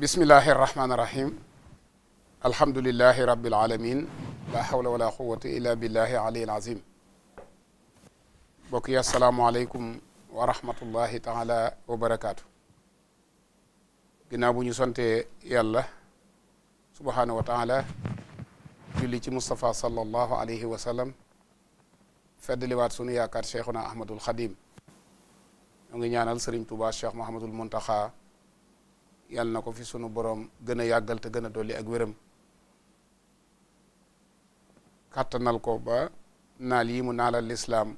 bismillahi irrahmani irrahim alhamdulilahi rabbil alamin la hawla wala quwata illa billahi aliyil azim bokk yi asalaamualeykum wa rahmatullahi taala wa barakaatu ginnaaw bu ñu sante yàlla subhaanahu wa taala julli ci Moustapha sallallahu alayhi wa sallam feddaliwaat sunu yaakaar cheikhuna ahmadul xadim ñoo ngi ñaanal sëriñ Tuubaa cheikh mahamadul muntaxa yàlla na ko fi sunu boroom gën a yàggal te gën a dolli ak wéram kàttanal ko ba naal yi mu naalal lislaam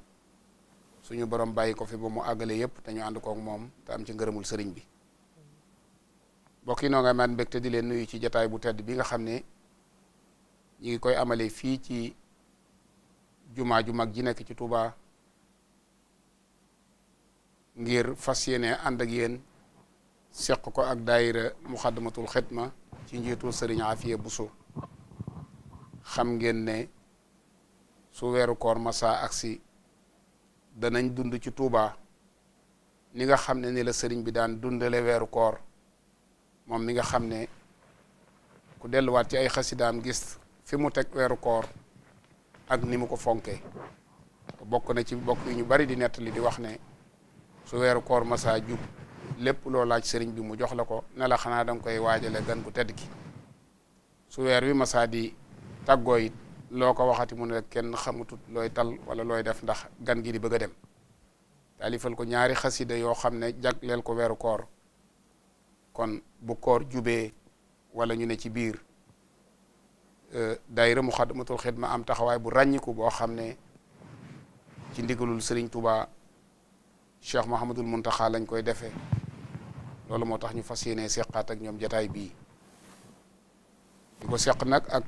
suñu borom bàyyi ko fi ba mu àggalee yépp te ñu ànd kook moom te am ci ngërëmul sëriñ bi mbokk yi noo nga amaat mbégte di leen nuyu ci jataay bu tedd bi nga xam ne ñi ngi koy amale fii ci jumaa ju mag ji nekk ci Touba ngir fas yéene ànd ak yéen siq ko ak daayira muxaddamatul xidma ci njiitul sëriñ Afiya Buso xam ngeen ne su weeru koor masa aksi danañ dund ci Tuuba ni nga xam ne ni la sëriñ bi daan dundale weeru koor moom mi nga xam ne ku delluwaat ci ay xasidaam gis fi mu teg weeru koor ak ni mu ko fonke bokk na ci bokk yu ñu bari di nettali di wax ne su weeru koor masa jub lépp loo laaj sëriñ bi mu jox la ko ne la xanaa danga koy waajale gan gu tedd gi su weer wi masaa di tàggoo it loo ko waxati mu ne kenn xamutut looy tal wala looy def ndax gan gi di bëgg a dem taalifal ko ñaari xasida yoo xam ne jagleel ko weeru koor kon bu koor jubee wala ñu ne ci biir e, daayira Muxaddamatul Xidma am taxawaay bu ràññiku boo xam ne ci ndigalul Sëriñ Tuubaa Cheikh Mahamadul Muntaxa lañ koy defee loolu moo tax ñu fas yéene seqaat ak ñoom jataay bii di seq nag ak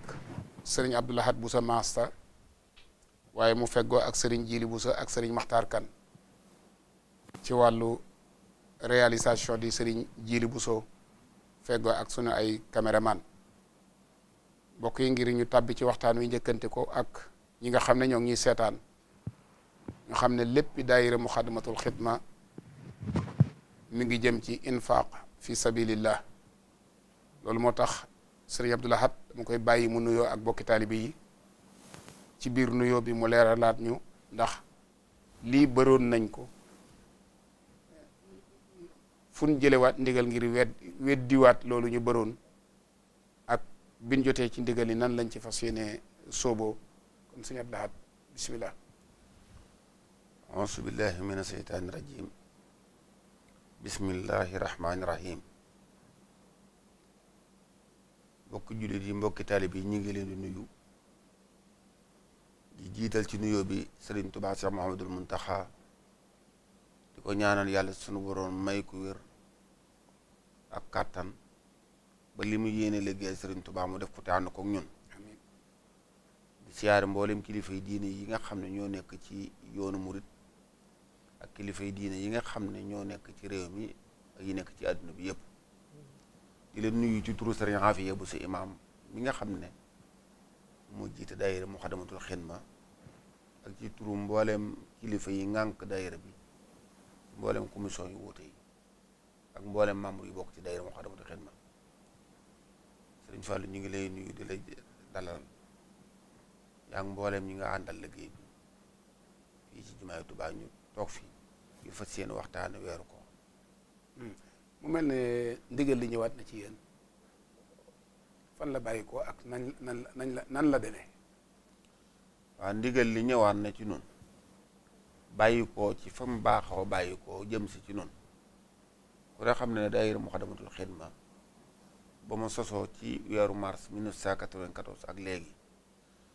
sëriñ Abdou bu Boussa Master waaye mu feggoo ak sëriñ Jili Boussa ak sëriñ Maxtaar Kan ci wàllu réalisation di sëriñ Jili Boussa feggoo ak sunu ay caméraman mbokk yi ngir ñu tàbbi ci waxtaan wi njëkkante ko ak ñi nga xam ne ñoo ngi seetaan ñu xam ne lépp mu Muxaddamatul Xidma mi ngi jëm ci infaq fi sabilillah loolu moo tax sëriñ Abdou Lahad mu koy bàyyi mu nuyoo ak bokki taalibe yi ci biir nuyoo bi mu leeralaat ñu ndax lii bëroon nañ ko fu ñu jëlewaat ndigal ngir wed weddiwaat loolu ñu bëroon ak biñ jotee ci ndigal yi nan lañ ci fas yéene sooboo kon sëriñ Abdou Lahad bismillah auzu billahi mina sheytaani bismillahi rahmaani rahim mbokki jullit yi mbokki taalib yi ñu ngi leen di nuyu di jiital ci nuyoo bi sëriñ Tuubaa Cheikh Mouhamadul Muntaxa di ko ñaanal yàlla sunu boroom may ku wér ak kàttan ba li mu yéene liggéey sëriñ tubaa mu def ko te ànd kook ñun di siyaare mboolem kilifa yi diine yi nga xam ne ñoo nekk ci yoonu murit kilifa kilifay diine yi nga xam ne ñoo nekk ci réew mi ak yi nekk ci àdduna bi yëpp di leen nuyu ci turu sëriñ Afiya bu si imaam mi nga xam ne moo jiite daayira mu xadamatul xidma ak ci turu mbooleem kilifa yi ngànk daayira bi mbooleem commission yu wuute ak mbooleem membre yu bokk ci daayira mu xadamatul ñu ngi lay nuyu di lay dalal yaa mbooleem ñi nga àndal liggéey bi fii ci jumaay Tuubaa ñu toog fii ñu fas yéene waxtaan weeru ko hmm. mu mel ni ndigal li ñëwaat na ci yéen fan la bàyyi ko ak nan nañ la nan la demee waaw ndigal li ñëwaat na ci nun bàyyi ko ci fa mu baaxoo bàyyi ko jëm si ci nun ku ne xam ne daayira Muxaddamatul Xidma ba mu sosoo ci weeru mars 1994 ak léegi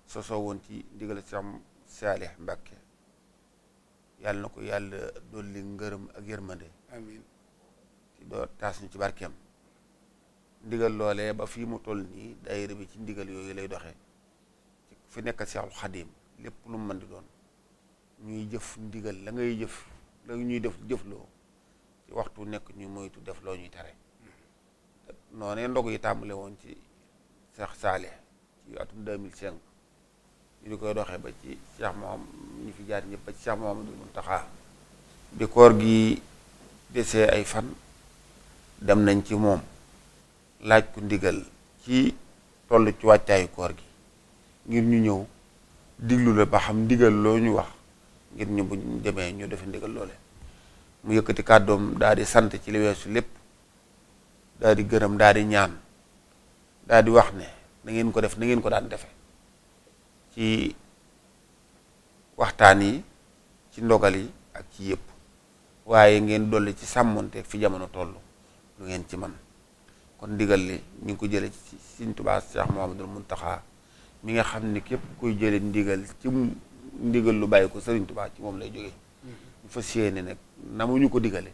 sosoo woon ci ndigal Sëriñ Saalix Mbàkke yàlla na ko yàlla dool dolli ngërëm ak yërmande amiin ci doo taas ñu ci barkeem ndigal loolee ba fii mu toll nii daayira bi ci ndigal yooyu lay doxee fi nekk Seexul Xadiim lépp lu mu mën di doon ñuy jëf ndigal la ngay jëf la ñuy def jëfloo ci waxtu nekk ñu moytu def loo ñuy tere mm-hmm. noonee ndog yi tàmbale woon ci Seex Saale ci atum cinq di koy doxee ba ci Cheikh Mohamad ñu fi jaar ñëpp ba ci Cheikh Mohamadul Muntaxa di koor gi desee ay fan dem nañ ci moom laaj ku ndigal ci toll ci wàccaayu koor gi ngir ñu ñëw diglu la ba xam ndigal loo ñu wax ngir ñu bu ñu demee ñu defe ndigal loole mu yëkkati kàddoom daal di sant ci li weesu lépp daal di gërëm daal di ñaan daal di wax ne na ngeen ko def na ngeen ko daan defe ci waxtaan yi ci ndogal yi ak ci yëpp waaye ngeen dolli ci sàmmonteeg fi jamono toll lu ngeen ci man kon digal li ñu ngi ko jële ci Sëriñ Tuubaa Cheikh mun Mountakha mi nga xam ne képp kuy jële ndigal ci ndigal lu bàyyi ko Sëriñ tubaa ci moom lay jógee mm-hmm. ñu fas yéene nag na mu ñu ko digale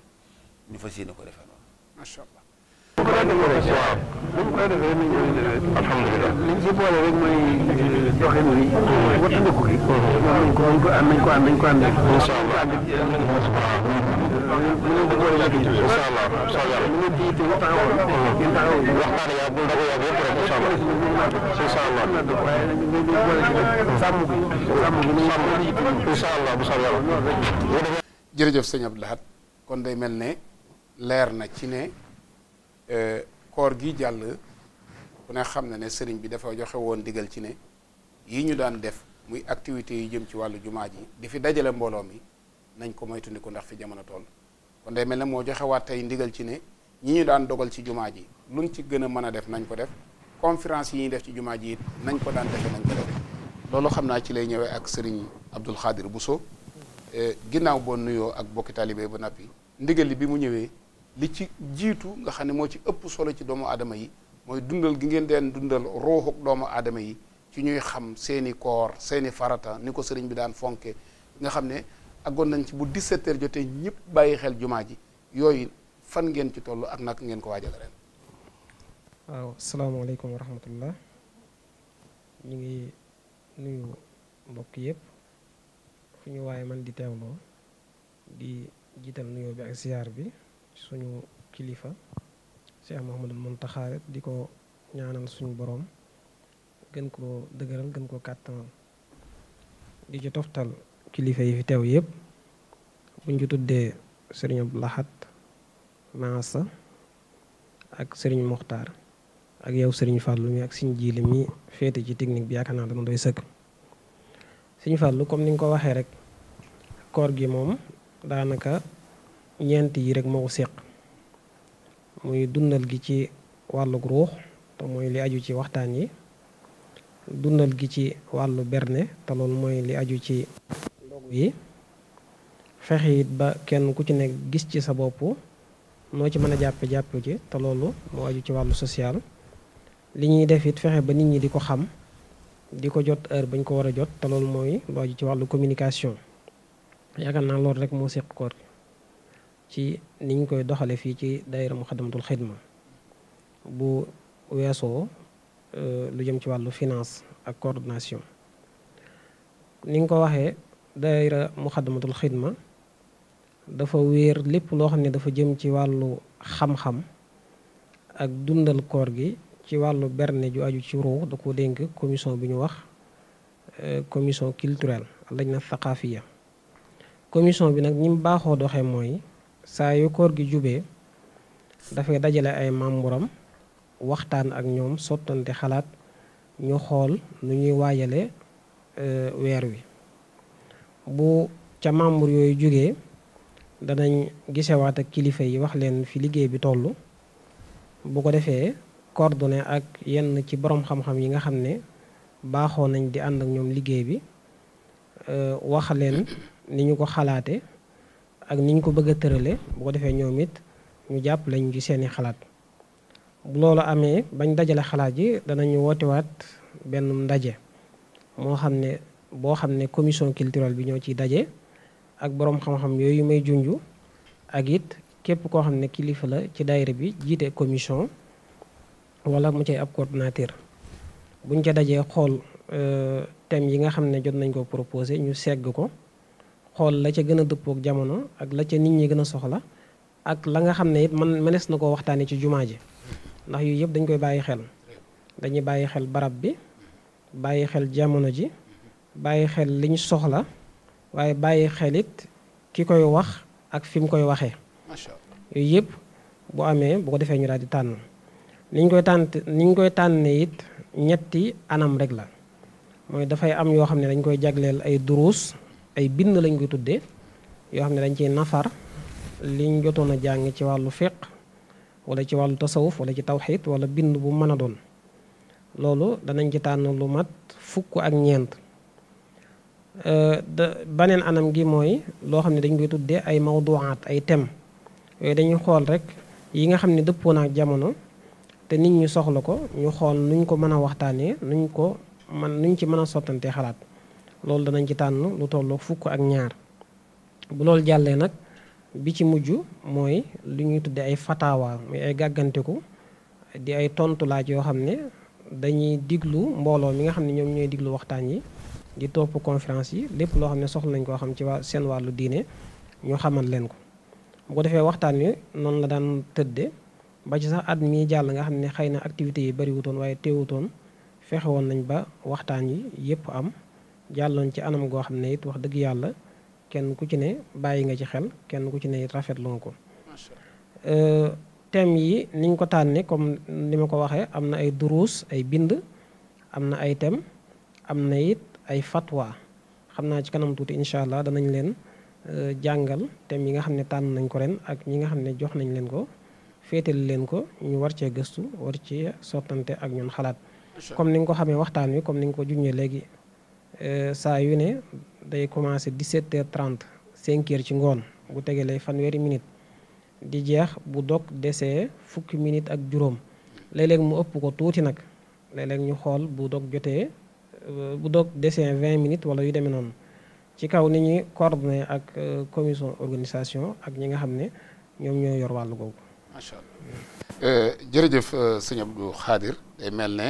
ñu fas yéene ko defee noonu waaw li mu koy defee nañ koy defee. jërëjëf sëñ Abdou Lahad kon day mel ne leer na ci ne. Euh, koor gi jàll ku ne xam na ne sëriñ bi dafa joxewoon woon digal ci ne yi ñu daan def muy activité yu jëm ci wàllu jumaa ji di fi dajale mbooloo mi nañ ko moytandiku ndax fi jamono toll kon day mel ne moo joxewaat tey ndigal ci ne ñi ñu daan dogal ci jumaa ji lu luñ ci gën a mën a def nañ ko def conférence yi ñuy def ci jumaa ji nañ ko daan defe nañ ko def loolu xam naa ci lay ñëwee ak sëriñ Abdul Xaadir Buso euh, ginnaaw boo nuyoo ak bokki taalibe ba nappi ndigal li bi mu ñëwee li ci jiitu nga xam ne moo ci ëpp solo ci doomu aadama yi mooy dundal gi ngeen deen dundal ruuxuk doomu aadama yi ci ñuy xam seeni koor seeni farata ni ko sëriñ bi daan fonke nga xam ne aggoon nañ ci bu di heures jotee ñëpp bàyyi xel jumaa ji yooyu fan ngeen ci toll ak naka ngeen ko waajal ren. waaw salaamaaleykum wa rahmatullah ñu ngi nuyu mbokk yëpp fu ñu waaye man di teewloo di jiital nuyoo bi ak ziar bi. suñu kilifa Cheikh Mouhamadul Muntaxa di ko ñaanal suñu boroom gën koo dëgëral gën koo kàttanal di ci toftal kilifa yi fi teew yëpp buñ ci tuddee sëriñ Abdou Lahad Maasa ak sëriñ Muxtaar ak yow sëriñ Fàllu mi ak sëriñ Jiili mi féete ci technique bi yaakaar naa dana doy sëkk sëriñ Fàllu comme ni nga ko waxee rek koor gi moom daanaka ñeent yi rek moo ko séq muy dundal gi ci wàllug ruux te mooy li aju ci waxtaan yi dundal gi ci wàllu berne te loolu mooy li aju ci ndogu yi fexe it ba kenn ku ci nekk gis ci sa bopp noo ci mën a jàppe jàppe ci te loolu moo aju ci wàllu social li ñuy def it fexe ba nit ñi di ko xam di ko jot heure bañ ko war a jot te loolu mooy lu aju ci wàllu communication yaakaar naa loolu rek moo séq koor ci niñ koy doxale fii ci daayira Muxaddamatul Xidma bu weesoo euh, lu jëm ci wàllu finance ak coordination ni nga ko waxee daayira Muxaddamatul Xidma dafa wéer lépp loo xam ne dafa jëm ci wàllu xam-xam ak dundal koor gi ci wàllu berne ju aju ci ruux da ko dénk commission bi ñu wax euh, commission culturelle lañ na thaqaafiya commission bi nag ñi mu baaxoo doxe mooy saa yu koor gi jubee dafay dajale ay memburam waxtaan ak ñoom sottante xalaat ñu xool nu ñuy waajale euh, weer wi bu ca membre yooyu jógee danañ gisewaat ak kilifa yi wax leen fi liggéey bi toll bu ko defee coordonné ak yenn ci boroom xam-xam yi nga xam ne baaxoo nañ di ànd ak ñoom liggéey bi euh, wax leen ni ñu ko xalaate ak ni ñu ko bëgg tërale bu ko defee ñoom it ñu jàpp lañu ci seeni xalaat bu loolu amee bañ dajale xalaat yi danañu wootewaat benn ndaje moo xam ne boo xam ne commission culturelle bi ñoo ciy daje ak boroom xam-xam yooyu may junj ak it képp koo xam ne kilifa la ci daayira bi jiite commission wala mu cay ab coordinateur buñ ca dajee xool euh, thèmes yi nga xam ne jot nañ ko proposé ñu segg ko xool la ca gën a dëppook jamono ak la ca nit ñi gën a soxla ak la nga xam ne it man mënees na koo waxtaanee ci jumaa ji ndax yu yëpp dañu koy bàyyi xel dañuy bàyyi xel barab bi bàyyi xel jamono ji bàyyi xel liñ soxla waaye bàyyi xel it ki koy wax ak fi koy waxee yooyu yëpp bu amee bu ko defee ñu daal di tànn niñ koy tànn niñ koy tànn tànne it ñetti anam rek la mooy dafay am yoo xam ne dañ koy jagleel ay duruus ay bind lañ koy tuddee yoo xam ne dañ ciy nafar liñ jotoon a jàng ci wàllu fiq wala ci wàllu tasawuf wala ci tawxid wala bind bu mën a doon loolu danañ ci tànn lu mat fukk ak ñeent da baneen anam gi mooy loo xam ne dañ koy tuddee ay mawduwaat ay thème yooyu dañuy xool rek yi nga xam ne dëppoon na ak jamono te nit ñi soxla ko ñu xool nuñ ko mën a waxtaanee nuñ ko mën nuñ ci mën a sottantee xalaat loolu danañ ci tànn lu tolloog fukk ak ñaar bu loolu jàllee nag bi ci mujj mooy lu ñuy tudde ay fataawa muy ay gàgganteku di ay tontu laaj yoo xam ne dañuy diglu mbooloo mi nga xam ne ñoom ñooy diglu waxtaan yi di topp conférence yi lépp loo xam ne soxla nañ koo xam ci waa seen wàllu diine ñu xamal leen ko bu ko defee waxtaan wi noonu la daan tëdde ba ci sax at mii jàll nga xam ne xëy na activités yi bariwutoon waaye teewutoon fexe woon nañ ba waxtaan yi yépp am jàlloon ci anam goo xam ne it wax dëgg yàlla kenn ku ci ne bàyyi nga ci xel kenn ku ci ne it rafetlu nga ko euh, thème yi niñ ko tànne comme ni ma ko waxee am na ay duruus ay bind am na ay thème am na yit ay fatwa xam naa ci kanam tuuti incha allah danañ leen euh, jàngal tem yi nga xam ne tànn nañ ko ren ak ñi nga xam ne jox nañ leen ko féetali leen ko ñu war cee gëstu war cee sottante ak ñoon xalaat comme ni nga ko xamee waxtaan wi comme ni nga ko junñee léegi Euh, saa yu ne day commencé 17h30 5 ci ngoon bu tegalee fanweeri minute di jeex bu dog desee fukki minute ak juróom léeg mu ëpp ko tuuti nag léeg ñu xool bu dog jotee euh, bu dog desee 20 minutes wala yu demee noonu ci kaw ni ñi ñuy coordonné ak euh, commission organisation ak ñi nga xam ne ñoom ñoo yor wàllu googu. macha allah jërëjëf sëñ Abdou Khadir day mel ne.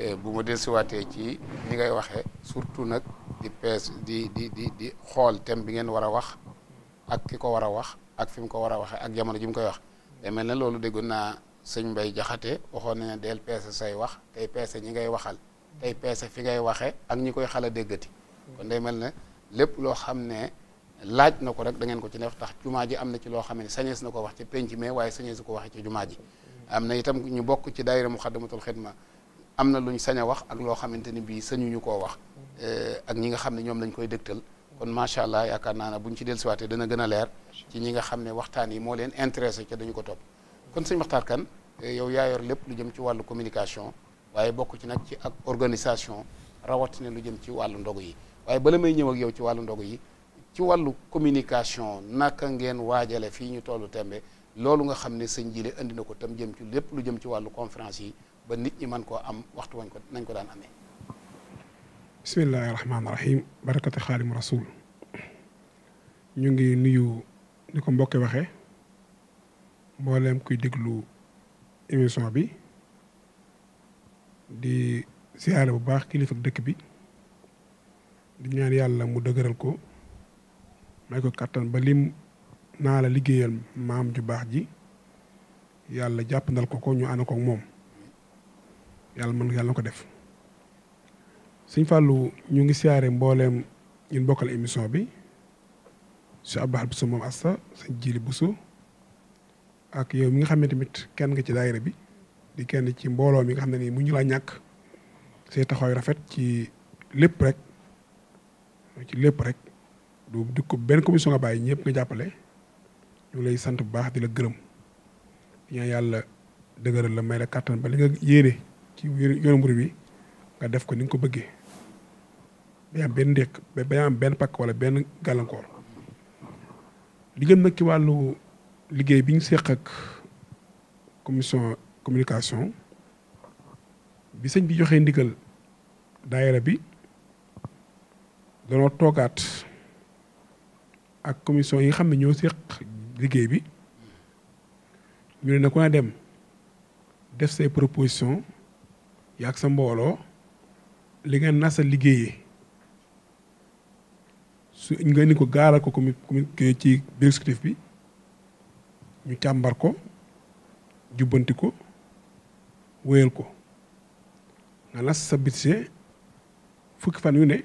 Eh, bu ma dellusiwaatee ci ni ngay waxee surtout nag di pees di di di di xool thème bi ngeen war a wax ak ki ko war a wax ak fi mu ko war a waxee ak jamono ji mu koy wax day mel ne loolu déggoon naa sëñ Mbay Jaxate waxoon na ne del peese say wax tey peese ñi ngay waxal tey peese fi ngay waxee ak ñi koy xala déggati kon day mel ne lépp loo xam ne laaj na ko rek da ngeen ko ci def tax jumaa ji am na ci loo xam ne sañees na ko wax ci penc mais waaye sañees ko waxee ci jumaa ji am na itam ñu bokk ci daayira Muxaddamatul Xidma am na lu ñu sañ a wax ak loo xamante ni bii sañuñu ko wax eh, ak ñi nga xam ne ñoom lañ koy dëgtal kon macha allah yaakaar naa ne buñ ci dellusiwaatee dana gën a leer ci ñi nga xam ne waxtaan yi moo leen intéressé ca dañu ko topp kon sëñ Maxtaar Kan eh, yow yaa yor lépp lu jëm ci wàllu communication waaye bokk ci nag ci ak organisation rawatina lu jëm ci wàllu ndogu yi waaye bala may ñëw ak yow ci wàllu ndogu yi ci wàllu communication naka ngeen waajale fii ñu tollu tembe loolu nga xam ne sëñ Jile indi na ko tam jëm ci lépp lu jëm ci wàllu conférence yi ba nit ñi man koo am waxtu wañ ko nañ ko daan amee bismillahi rahmaani rahim barakati xaadim rasul ñu ngi nuyu ni ko mbokki waxee mbooleem kuy déglu émission bi di siyaare bu baax kilifa dëkk bi di ñaan yàlla mu dëgëral ko may ko kàttan ba lim naa la liggéeyal maam ju baax ji yàlla jàpp jàppandal ko ko ñu ànd moom yàlla mën yàlla ko def sëñ Fallou ñu ngi siyaare mbooleem ñun bokkal émission bi su Abdou Busso moom Asta sëñ Jili Busso ak yow mi nga xamee tamit kenn nga ci daayira bi di kenn ci mbooloo mi nga xam ne nii mu ñu laa ñàkk say taxawaay rafet ci lépp rek ci lépp rek du du ko benn commission nga bàyyi ñëpp nga jàppale ñu lay sant bu baax di la gërëm ñaan yàlla dëgëral la may la kàttan ba li nga yéene ci yoonu mbir bi nga def ko ni nga ko bëggee day benn ndékk day am benn pakk wala benn gàllankoor li ngeen nag ci wàllu liggéey bi ñu seq ak commission communication bi sëñ bi joxee ndigal daayira bi danoo toogaat ak commission yi nga xam ne ñoo seq liggéey bi ñu ne na ko dem def say proposition yaag sa mbooloo li nga nasa liggéeyee su nga ni ko gaaral ko comi ci biir exécutif bi ñu càmbar ko jubbanti ko wéyal ko nga nas sa budget fukki fan yu ne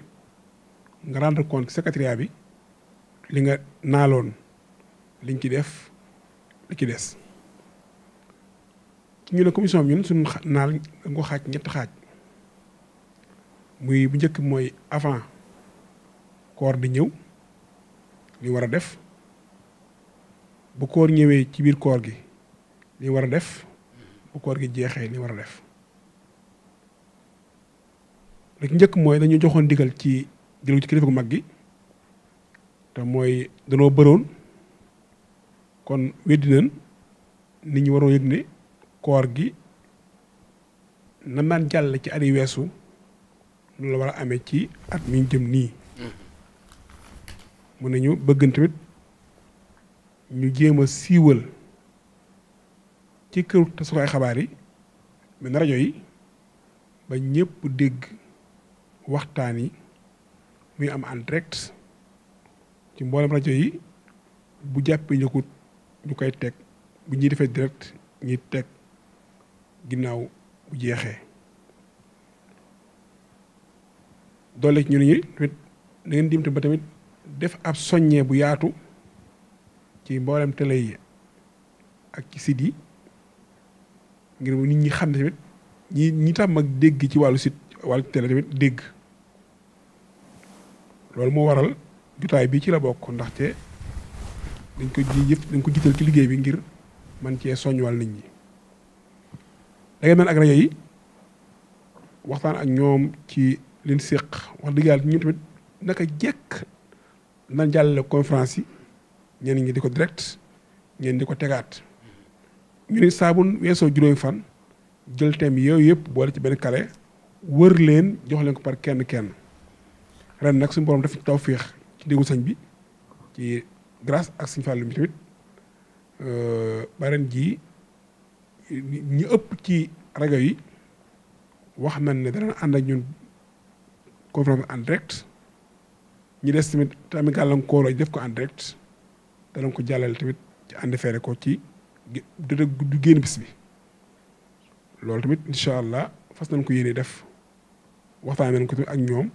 nga rendre compte secrétariat bi li nga naaloon liñ ci def li ci des ñu ne commission bi ñun suñu naal nga xaaj ñetti xaaj muy bu njëkk mooy avant koor di ñëw li war a def bu koor ñëwee ci biir koor gi li war a def bu koor gi jeexee li war a def li njëkk mooy dañu joxoon digal ci jëlu ci kilifa gu mag gi te mooy danoo bëroon kon weddi nañ nit ñi waroo yëg ne koor gi na naan jàll ci at yi lu la war a amee ci at mi ñu jëm nii mm-hmm. mun nañu bëggan tamit ñu jéem a siiwal ci këru tasukaay xabaar yi mel rajo yi ba ñëpp dégg waxtaan yi muy am en direct ci mboolem rajo yi bu jàppee ñu koy teg bu ñuy defee direct ñuy teg ginnaaw bu jeexee doole ñu ne ñu tamit na ngeen ba tamit def ab soññee bu yaatu ci mboolem télé yi ak ci site yi ngir nit ñi xam ne tamit ñi ñi tàmm ak dégg ci wàllu site wàllu télé tamit dégg loolu moo waral jotaay bi ci la bokk ndaxte dañ ko yëpp dañ ko jiital ci liggéey bi ngir man cee soñ wàll nit ñi da ngay mel ak rajo yi waxtaan ak ñoom ci liñ séq wax dëgg yàlla ñun tamit naka jekk nan jàllale conférence yi ñenn ñi di ko direct ñen di ko tegaat ñu ni saabun weesoo juróomi fan jël thème yooyu yëpp boole ci benn kale wër leen jox leen ko par kenn kenn ren nag suñu borom daf tawféex ci déglu sëñ bi ci grâce ak sëñ Fallou bi tamit euh, ba jii ñu ëpp ci rajo yi wax nañ ne dana ànd ak ñun conférence en direct ñu des tamit tamit gàllankooroo def ko en direct danañ ko jàllale tamit ci ànd feere ko ci dëgg du génn bis bi loolu tamit incha allah fas nañ ko yéene def waxtaan nañ ko tamit ak ñoom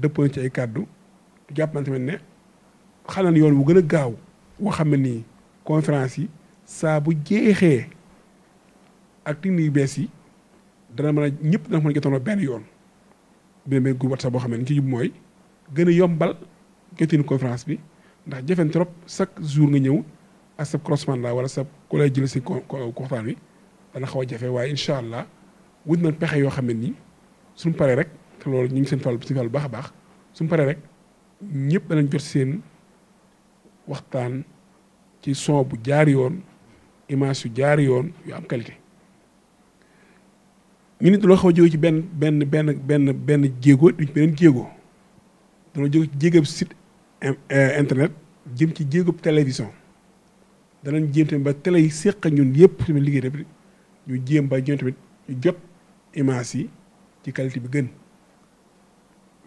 dëpp nañ ci ay kàddu jàpp nañ tamit ne xal nañ yoon bu gën a gaaw woo xam ne nii conférence yi saa bu jeexee ak technique yu bees yi dana man a ñëpp dana mën a benn yoon benn benn groupe WhatsApp boo xam ne ci mooy gën a yombal jotin conférence bi ndax jëfen trop chaque jour nga ñëw ak sa correspondant wala sa ku lay jël si waxtaan wi dana xaw a jafe waaye allah wut nañ pexe yoo xam ne nii suñu paree rek te loolu ñu ngi seen fàll seen fàll bu baax a baax suñu paree rek ñëpp danañ jot seen waxtaan ci son bu jaar yoon image yu jaar yoon yu am qualité. ñu nit loo xaw jóge ci benn benn benn benn benn jéego duñ beneen jéego danoo jóge ci jéegab site euh, internet jëm ci jéegab télévision danañ jéem tamit ba télé yi ñun yëpp tamit liggéey tamit ñu jéem ba ñoom tamit ñu jot image yi ci qualité bi gën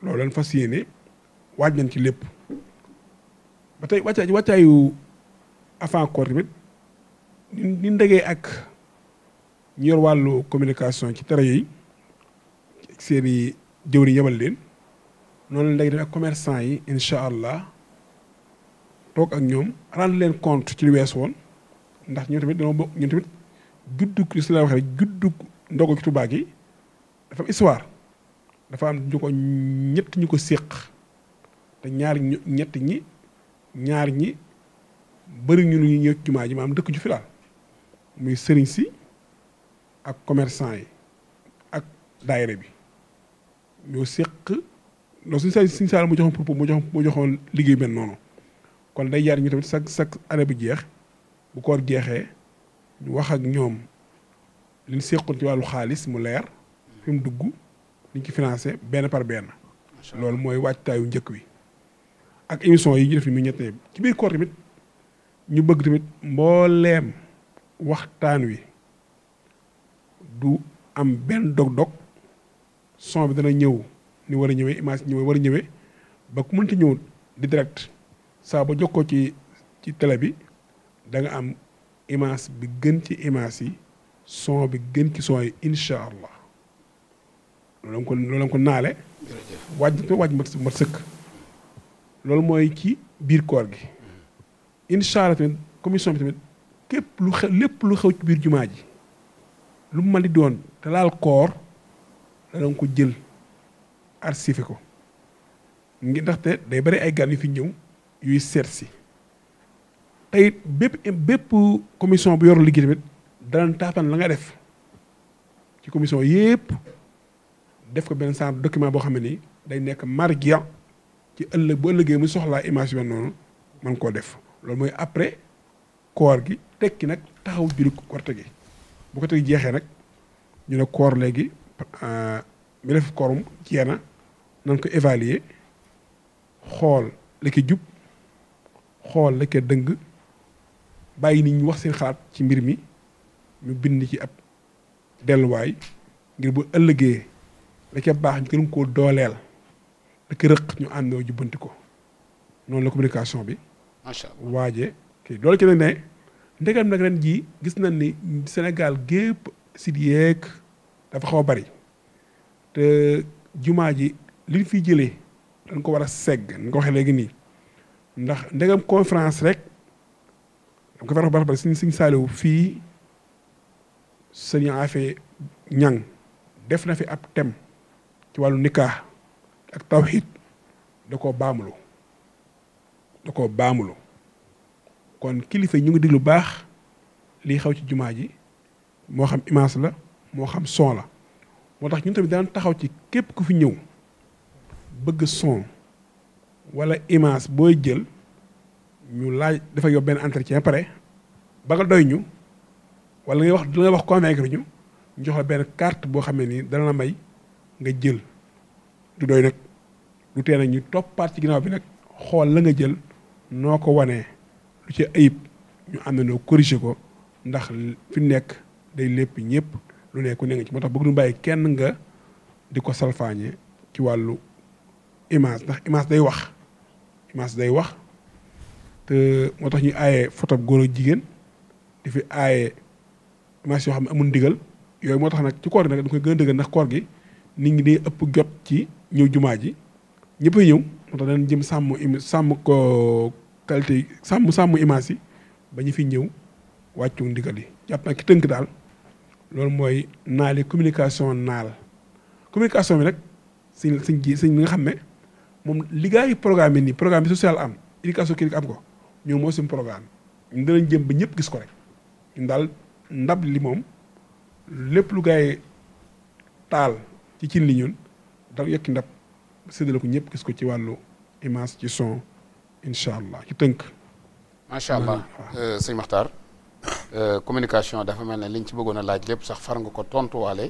loolu lañ fas yéene waaj nañ ci lépp ba tey wàccaay wàccaayu avant koor tamit ni ndegee ak ñu yor wàllu communication ci tere yi seen i jëwri yebal leen noonu léegi dina commerçant yi incha allah toog ak ñoom rendre leen compte ci li wees woon ndax ñun tamit dañoo bokk ñun tamit juddug li si la waxee rek juddug ndogu ci Tuubaa gi dafa am histoire dafa am ñu ko ñett ñu ko siq te ñaar ñett ñi ñaar ñi bëri ñu lu ñuy ñëw jumaa ji maanaam dëkk ju fi laal muy sëriñ si ak commercant yi ak dayre bi ñoo séq loolu suñu sa suñu saal mu joxoon propos mu joxoon mu joxoon liggéey benn noonu kon day jaar ñu tamit chaque chaque année bu jeex bu koor jeexee ñu wax ak ñoom li ñu ci wàllu xaalis mu leer fi mu dugg liñ ci financé benn par benn loolu mooy waajtaayu njëkk wi ak émission yi ñu def ni mu ñettee ci biir koor tamit ñu bëgg tamit mbooleem waxtaan wi du am benn dog-dog son bi dana ñëw ni war a ñëwee image ñëwee war a ñëwee ba ku mënti ñëw di direct saa ba jokkoo ci ci télé bi da nga am image bi gën ci image yi son bi gën ci son yi incha allah loolu am ko loolu am ma waaj loolu mooy ci biir koor gi hmm. incha allah tamit commission bi tamit képp lu xew lépp lu xew ci biir jumaa ji lu mu di doon te laal koor danañ ko jël archivé ko ngi ndaxte day bari ay gan yu fi ñëw yuy seet si tey bépp bépp commission bu yoru liggéey tamit danañ taatan la nga def ci commission yépp def ko benn centre document boo xam ne nii day nekk margia ci ëllëg bu ëllëgee mu soxlaa image bi noonu man koo def loolu mooy après koor gi tekki nag taxaw julli korte gi bu ko tey jeexee nag ñu ne koor léegi melef euh, koorum jee na nañ ko évaluer xool la ko jub xool la ko dëng bàyyi nit ñu wax seen xalaat ci mbir mi ñu bind ci ab delluwaay ngir bu ëllëgee la ca baax ñu gën koo dooleel la rëq ñu àndoo jubbanti ko noonu la communication bi. macha waaje kii loolu ci ne. ndegam nag ren jii gis nañ ni Sénégal gépp sit yeeg dafa xaw a bari te jumaa ji lii fiy jëlee dañ ko war a segg ni ko waxee léegi nii ndax ndegam conférence rek dam ko fa wax bari suñ suñ saaliwu fii sëñ Afe ñaŋ def na fi ab thème ci wàllu nika ak tawhid da ko baamulu da ko baamulu kon kilifa yi ñu ngi diglu baax lii xaw ci jumaa ji moo xam image la moo xam son la moo tax ñun tamit daan taxaw ci képp ku fi ñëw bëgg son walla image booy jël ñu laaj dafa yob benn entretien pare ba nga doy ñu walla ngay wax la nga wax convaincre ñu ñu jox la benn carte boo xamee nii dana la may nga jël du doy nag du tee nag ñu toppaat ci ginnaaw bi nag xool la nga jël noo ko wanee lu ci ayib ñu àndandoo corriger ko ndax fi nekk day lépp ñëpp lu nekk ku ne ci moo tax bëgg nu bàyyi kenn nga di ko salfaañe ci wàllu image ndax image day wax image day wax te moo tax ñuy aaye photo góor ak jigéen di fi aaye image yoo xam ne amul ndigal yooyu moo tax nag ci koor gi nag dañ koy gën a ndax koor gi nit ñi day ëpp jot ci ñëw jumaa ji ñëpp ñëw moo tax dañ jëm sàmm sàmm ko qualité sàmm sàmm image yi ba ñu fi ñëw wàccu ndigal yi jàpp naa ki tënk daal loolu mooy naali communication naal communication bi nag suñ suñ ji suñ li nga xam ne moom liggéeyu programme yi nii programme bi social am éducation clinique am ko ñoo moo suñu programme ñu danañ jëm ba ñëpp gis ko rek ñun daal ndab li moom lépp lu gaay taal ci cin li ñun da yekki ndab séddale ko ñëpp gis ko ci wàllu image ci son incha allah ci tënk. macha allah euh, sëñ Makhtar euh, communication dafa mel ne liñ ci bëggoon a laaj lépp sax far nga ko tontuwaale.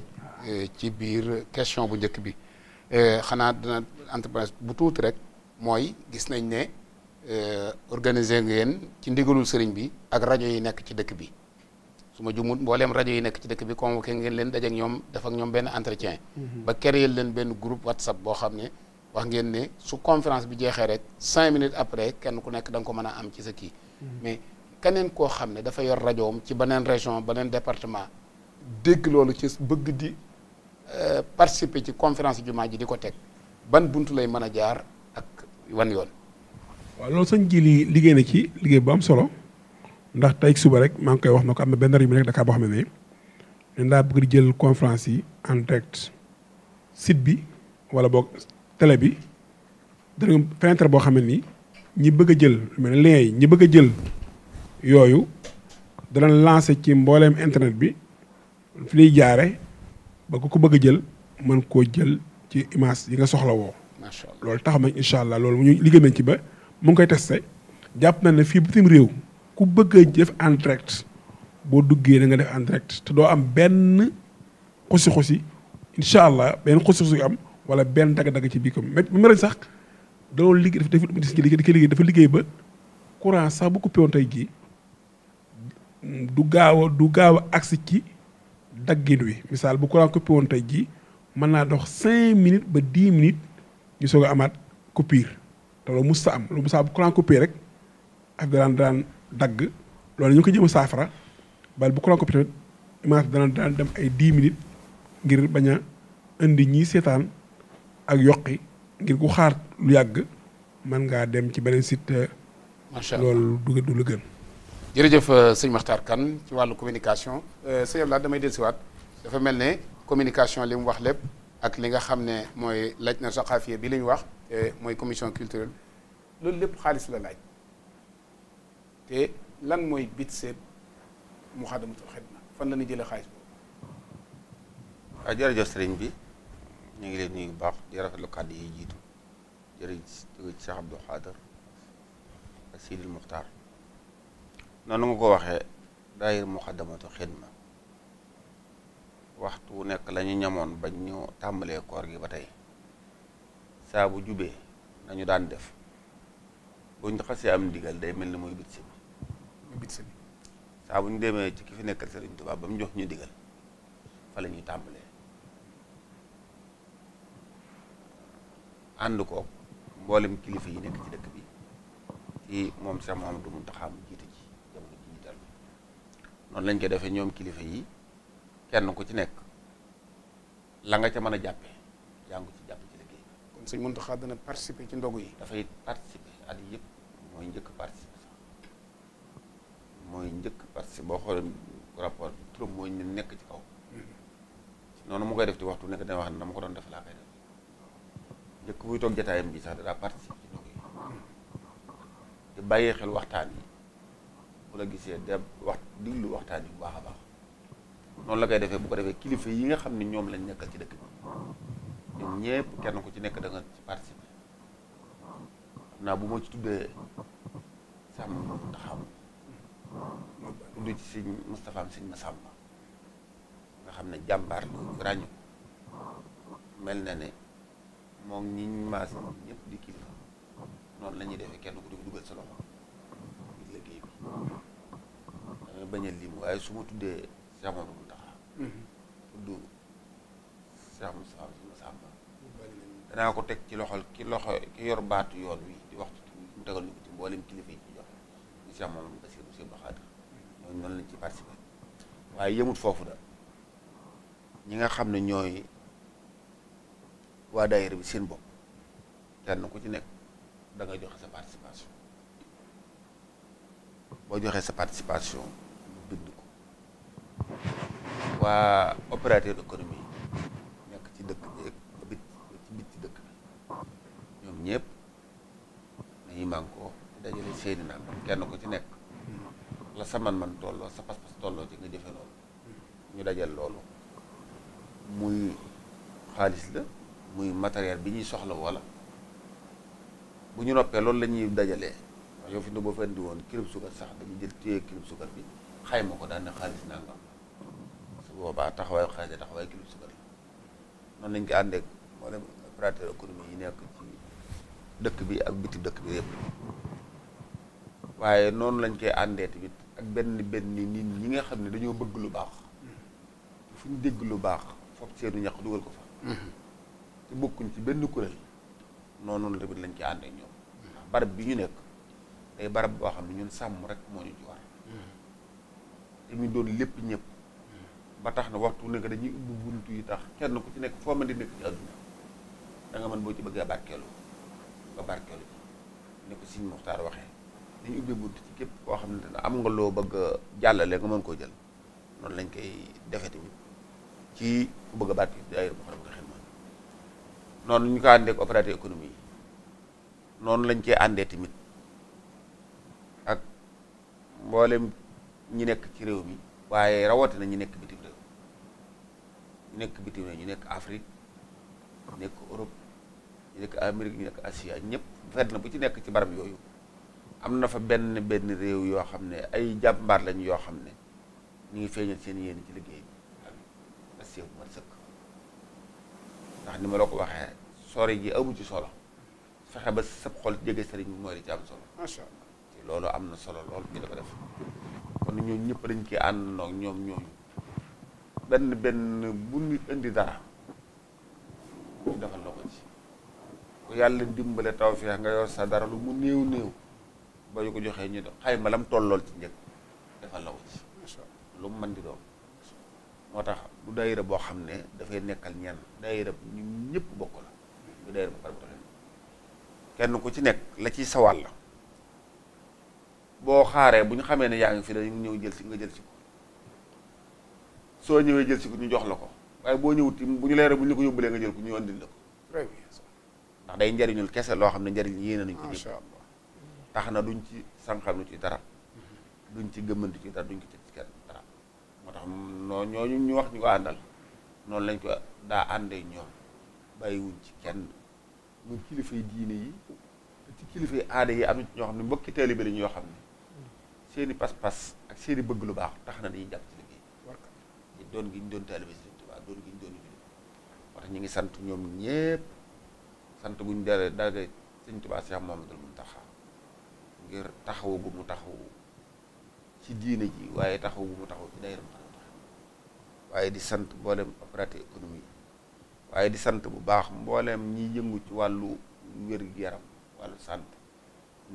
Euh, ci biir question bu njëkk bi. xanaa dina entreprise bu tuuti rek mooy gis nañ ne organiser ngeen ci ndigalul sëriñ bi ak rajo yi nekk ci dëkk bi su ma jumut mbooleem rajo yi nekk ci dëkk bi convoqué ngeen leen daje ak ñoom def ñoom benn entretien. Mhm. ba créer leen benn groupe whatsapp boo xam ne. wax ngeen ne su conférence bi jeexee rek cinq minutes après kenn ku nekk danga ko mën a am ci sa kii. Mm-hmm. mais keneen koo xam ne dafa yor rajoom ci beneen région beneen département dégg loolu ci bëgg di euh, participer ci conférence jumaa ji di ko teg ban buntu lay mën a jaar ak wan yoon. waaw loolu sëñ ji lii liggéey na ci liggéey bu am solo ndax tey suba rek maa ngi koy wax na ko am na benn réunion rek Dakar boo xam ne ne daa bëgg di jël conférence yi en direct bi wala boog télé bi dana fenêtre boo xam ne ni ñi bëgg a jël lu mel ne lien yi ñi bëgg a jël yooyu dana lancé ci mbooleem internet bi fi lay jaare ba ku ko bëgg a jël mën koo jël ci image yi nga soxla woo macha allah loolu tax nañ incha allah loolu ñu liggéey nañ ci ba mu ngi koy testé jàpp na ne fii bitim réew ku bëgg a def en direct boo duggee da nga def en direct te doo am benn xusi xusi incha allah benn xusi xusi am wala benn dagg-dagg ci biir commune mais bu mel sax da doon liggéey dafa liggéey dafa liggéey ba courant sax bu coupé woon tey ji du gaaw du gaaw a agsi ci daggin wi misaal bu courant coupé woon tey jii mën naa dox cinq minutes ba dix minutes ñu soog a amaat coupiir te loolu mosut am loolu mosut bu courant coupé rek ak daan daan dagg loolu ñu ko jëm saafara bal bu courant coupé tamit imaam dana daan dem ay dix minutes ngir bañ a indi ñi seetaan. ak yokki ngir ku xaar lu yàgg mën ngaa dem ci beneen site. macha allah loolu du du la gën. jërëjëf euh, sëñ maxtar kan ci wàllu communication euh, sëñ Abdoulaye damay dellusiwaat dafa mel ne communication li mu wax lépp ak li nga xam ne mooy laaj na saxaafiya bi li wax wax mooy commission culturelle loolu lépp xaalis la laaj te lan mooy bit seet Moukhaddamatoul Khidma fan la ñuy jëlee xaalis boobu. waaw ah, bi. ñu ngi leen nuyu bu baax di rafetlu kàddu yi jiitu jërëjëf jóge ci Cheikh Abdou Khader ak Sidil Muxtaar noonu nga ko waxee daayir Muxaddamatu Xidma waxtu wu nekk la ñu ñamoon bañ ñu tàmbalee koor gi ba tey saa bu jubee nañu daan def buñ xasee am ndigal day mel ni muy bit si bit saa bu ñu demee ci ki fi nekkal Sëriñ tubaab ba mu jox ñu ndigal fa la ñuy tàmbalee ànd ko mboolem kilifa yi nekk ci dëkk bi ci moom Cheikh du Mountakha mu jiite ci jamono ji ñu dal noonu lañ koy defee ñoom kilifa yi kenn ku ci nekk la nga ca mën a jàppe yaa ngi ko ci jàpp ci liggéey kon sëñ Mountakha dana participer ci ndogu yi dafay participer at yi yëpp mooy njëkk participer sax mooy njëkk participer boo xoolee rapport bi turam mooy nekk ci kaw mm-hmm. noonu mu koy def ci waxtu nekk dana wax ne dama ko doon def laa koy def njëkk buy toog jataayam bi sax danaa participer ci ndogu yi xel waxtaan yi bu la gisee dem wax diglu waxtaan yi bu baax a baax noonu la koy defee bu ko defee kilifa yi nga xam ne ñoom lañ nekkal ci dëkk bi ñoom ñëpp kenn ku ci nekk danga nga ci participer xam naa bu ma ci tuddee sàmm taxaw tudd ci sëñ Moustapha am sëñ Massamba nga xam ne jàmbaar lu ràññu mel na ne moom ñi ñu maas ñëpp di kii noonu la ñuy defee kenn ku di dugal sa loxo ngir liggéey bi damay bañ a lim waaye su ma tuddee Cheikh Mamadou Mountakha mhm. tudd ko teg ci loxol ki loxo ki yor baatu yoon wi di waxtu mu tegal ñu ko ci mboolem kilifa yi ci joxe ñu Cheikh Mamadou Bassirou Monsieur Bakhadir ñooñu noonu lañ ci participé waaye yëmut foofu da ñi nga xam ne ñooy waa daayira bi seen bopp kenn ko ci nekk da nga joxe sa participation boo joxee sa participation ñu bind ko waa opérateur économie nekk ci dëkk bi ci bit ci dëkk bi ñoom ñëpp dañuy kenn ku ci nekk la sa man-man tolloo sa pas-pas tolloo ci nga jëfe loolu ñu dajal loolu muy xaalis la muy matériel bi ñuy soxla wala bu ñu noppee loolu la ñuy dajalee wax yow fi ne boo fa indi woon kilo suukar sax dañuy jël téye kilo suukar bi xayma ko daan ne xaalis nangam su boobaa taxawaayu xaalis taxawaayu kilo suukar la noonu lañ ko àndee moo dem opérateur économie yi nekk bi ak biti dëkk bi noonu lañ koy àndee tamit ak benn benn nit ñi nga xam ne dañoo bëgg lu baax fu ñu dégg lu baax foofu seenu ñax dugal ko fa mm-hmm. te bokkuñ ci benn kuréel noonu la lañ ci àndee ñoom ndax barab bi ñu nekk day barab boo xam ne ñun sàmm rek moo ñu ci war te ñu doon lépp ñëpp ba tax na waxtu nekk dañuy ubbi buntu yi tax kenn ku ci nekk foo mën di nekk ci àdduna da nga boo ci bëggee barkeelu nga barkeelu ci ne Sëñ Muxtaar waxee dañuy ubbi bunt ci képp koo xam ne am nga loo bëgg a jàllale nga mën koo jël noonu lañ koy defe tamit ci ku bëgg a barkeelu daayira noonu ñu ko àndee ak opérateur yi noonu lañ cee àndee tamit ak mboolem ñi nekk ci réew mi waaye rawatina ñi nekk bitim réew ñu nekk bitim réew ñu nekk Afrique ñu nekk Europe ñu nekk Amérique ñu nekk Asie ñëpp fenn bu ci nekk ci barab yooyu am na fa benn benn réew yoo xam ne ay jàmbaar lañ yoo xam ne ñu ngi feeñal seen yéen ci liggéey bi ak bu mat sëkk ndax ni ma la ko waxee rek sore ji ci solo fexe ba sab xol jege sëriñ bi mooy li ci am solo. macha te loolu am na solo lool ñu dafa def kon ñooñu ñëpp dañ ci ànd noog ñoom ñooñu benn benn bu nit indi dara ñu defal la ko ci ku yàlla dimbale taw feex nga yor sa dara lu mu néew néew ba ñu ko joxee ñu def xayma lam tollool ci njëg defal la ko ci lu mu mën di doon moo tax du daayira boo xam ne dafay nekkal ñenn daayira ñu ñëpp bokk la kenn ku ci nekk la ciy sawal la boo xaaree bu ñu xamee ne yaa ngi fi dañu ñëw jël si nga jël si ko soo ñëwee jël si ko ñu jox la ko waaye boo ñëwut tim bu ñu leeree bu ñu la ko yóbbulee nga jël ko ñu andil la ko ndax day njariñul kese loo xam ne njariñ yéene nañ ko ñëpp tax na duñ ci sànqal nu ci dara mm-hmm. duñ ci gëmmantu ci dara duñ ko ci ndax noo ñooñu ñu wax ñu ko àndal noonu lañ ko daa àndee ñoom bàyyiwuñ ci kenn muy kilifa yi diine yi ci kilifa yi aada yi am na ñoo xam ne mbokki taalibe lañ yoo xam ne seeni pas-pas ak seeni bëgg lu baax tax na dañuy jàpp ci liggéey ñu doon gi ñu doon taalibe Sëriñ gi ñu doon jullit ñu ngi sant ñoom ñépp sant bu ñu dara dara Sëriñ Tuubaa Seex Muhammadul taxaw ngir taxawu gu mu taxaw ci diine ji waaye taxaw gu mu taxaw ci dayram waaye di sant mboolem opérateur économie waaye di sant bu baax mbooleem ñi yëngu ci wàllu wér-gu-yaram wàllu sant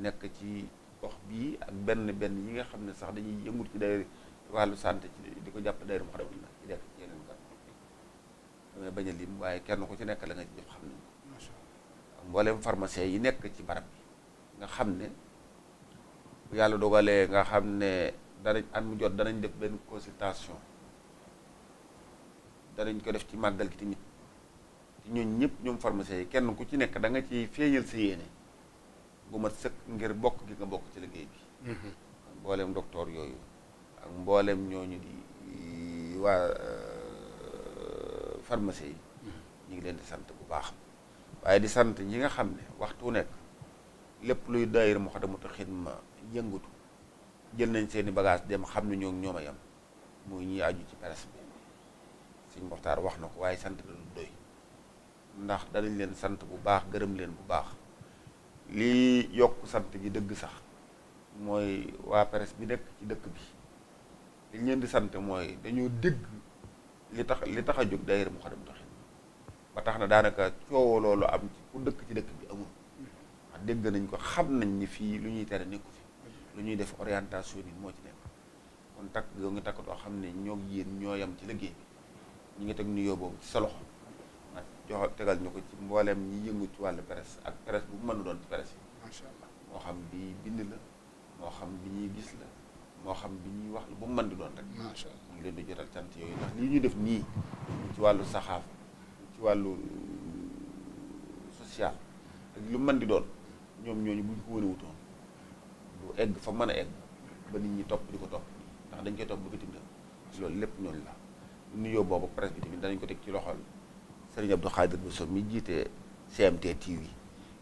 nekk ci gox bii ak benn benn yi nga xam ne sax dañuy yëngu ci day wàllu sant ci di ko jàpp dayru ma xaram la ci nekk ci yeneen bañ lim waaye kenn ku ci nekk la nga jëf xam nañ ko mbooleem pharmacien yi nekk ci barab bi nga xam ne bu yàlla dogalee nga xam ne danañ at mu jot danañ def benn consultation danañ ko def ci màggal gi tamit ci ñooñ ñëpp ñoom pharmacien yi kenn ku ci nekk danga nga ci feeñal sa yéene bu mat sëkk ngir bokk gi nga bokk ci liggéey bi mhm. mbooleem docteur yooyu ak mbooleem ñooñu di waa euh, yi mhm. ñu ngi leen di sant bu baax waaye di sant ñi nga xam ne waxtu nekk lépp luy daayira Moukhaddamatoul Khidma yëngatu jël nañ seeni bagage dem xam ne ñoo ngi ñoom a yem muy ñi aju ci presse bi Sëñ Moxtaar wax na ko waaye sant la lu doy ndax dalañ leen sant bu baax gërëm leen bu baax lii yokk sant gi dëgg sax mooy waa presse bi nekk ci dëkk bi li ñu di sant mooy dañoo dégg li tax li tax a jóg daayira mu xadam taxin ba tax na daanaka coowoo am dëkk ci dëkk bi amul wax nañ ko xam nañ ni fii lu ñuy tere nekku fi lu ñuy def orientation yi moo ci nekk kon takk yoo ngi takk doo xam ne ñoom yéen ñoo yam ci liggéey bi ñu ngi teg nuyoo boobu ci sa loxo nga jox tegal ñu ko ci mbooleem ñi yëngu ci wàllu presse ak presse bu mu mën a doon ci presse yi. moo xam bi bind la moo xam bi ñuy gis la moo xam bi ñuy wax la mën di doon rek. macha allah ngi leen di jotal cant yooyu ndax def nii ci wàllu saxaaf ci wàllu social ak lu mën di doon ñoom ñooñu buñ ko wane wutoon du egg fa mën a egg ba nit ñi topp di ko topp ndax dañ koy topp ba bitim loolu lépp ñooñu la. nuyoo boobu presse bi tamit danañ ko teg ci loxol Serigne Abdou Khadir Bousso mi jiite GMT TV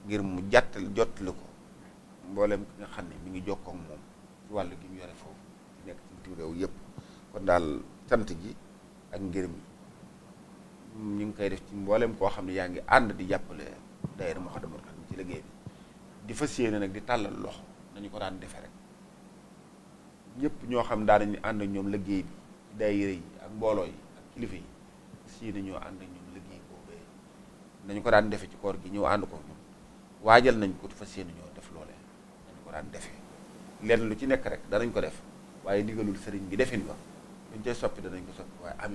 ngir mu jàttal jottali ko mboolem ki nga xam ne mi ngi jokkoo moom ci wàllu gi yore foofu nekk ci bitim kon daal cant gi ak ngir ñu ngi koy def ci mboolem koo xam ne yaa ngi ànd di jàppale daayira Moukhaddamatoul ci liggéey di fas yéene nag di tàllal loxo nañu ko daan defee rek ñëpp ñoo xam daanañu ànd ñoom liggéey bi daayira yi ak mbooloo yi ak kilifa yi si ne ñoo ànd ak ñun liggéey boobee nañu ko daan defe ci koor gi ñëw ànd ko ñun waajal nañ ko fas yéene ñoo def loole nañu ko daan defe lenn lu ci nekk rek danañ ko def waaye digalul sëriñ bi defin ba luñ cay danañ ko soppi waaye am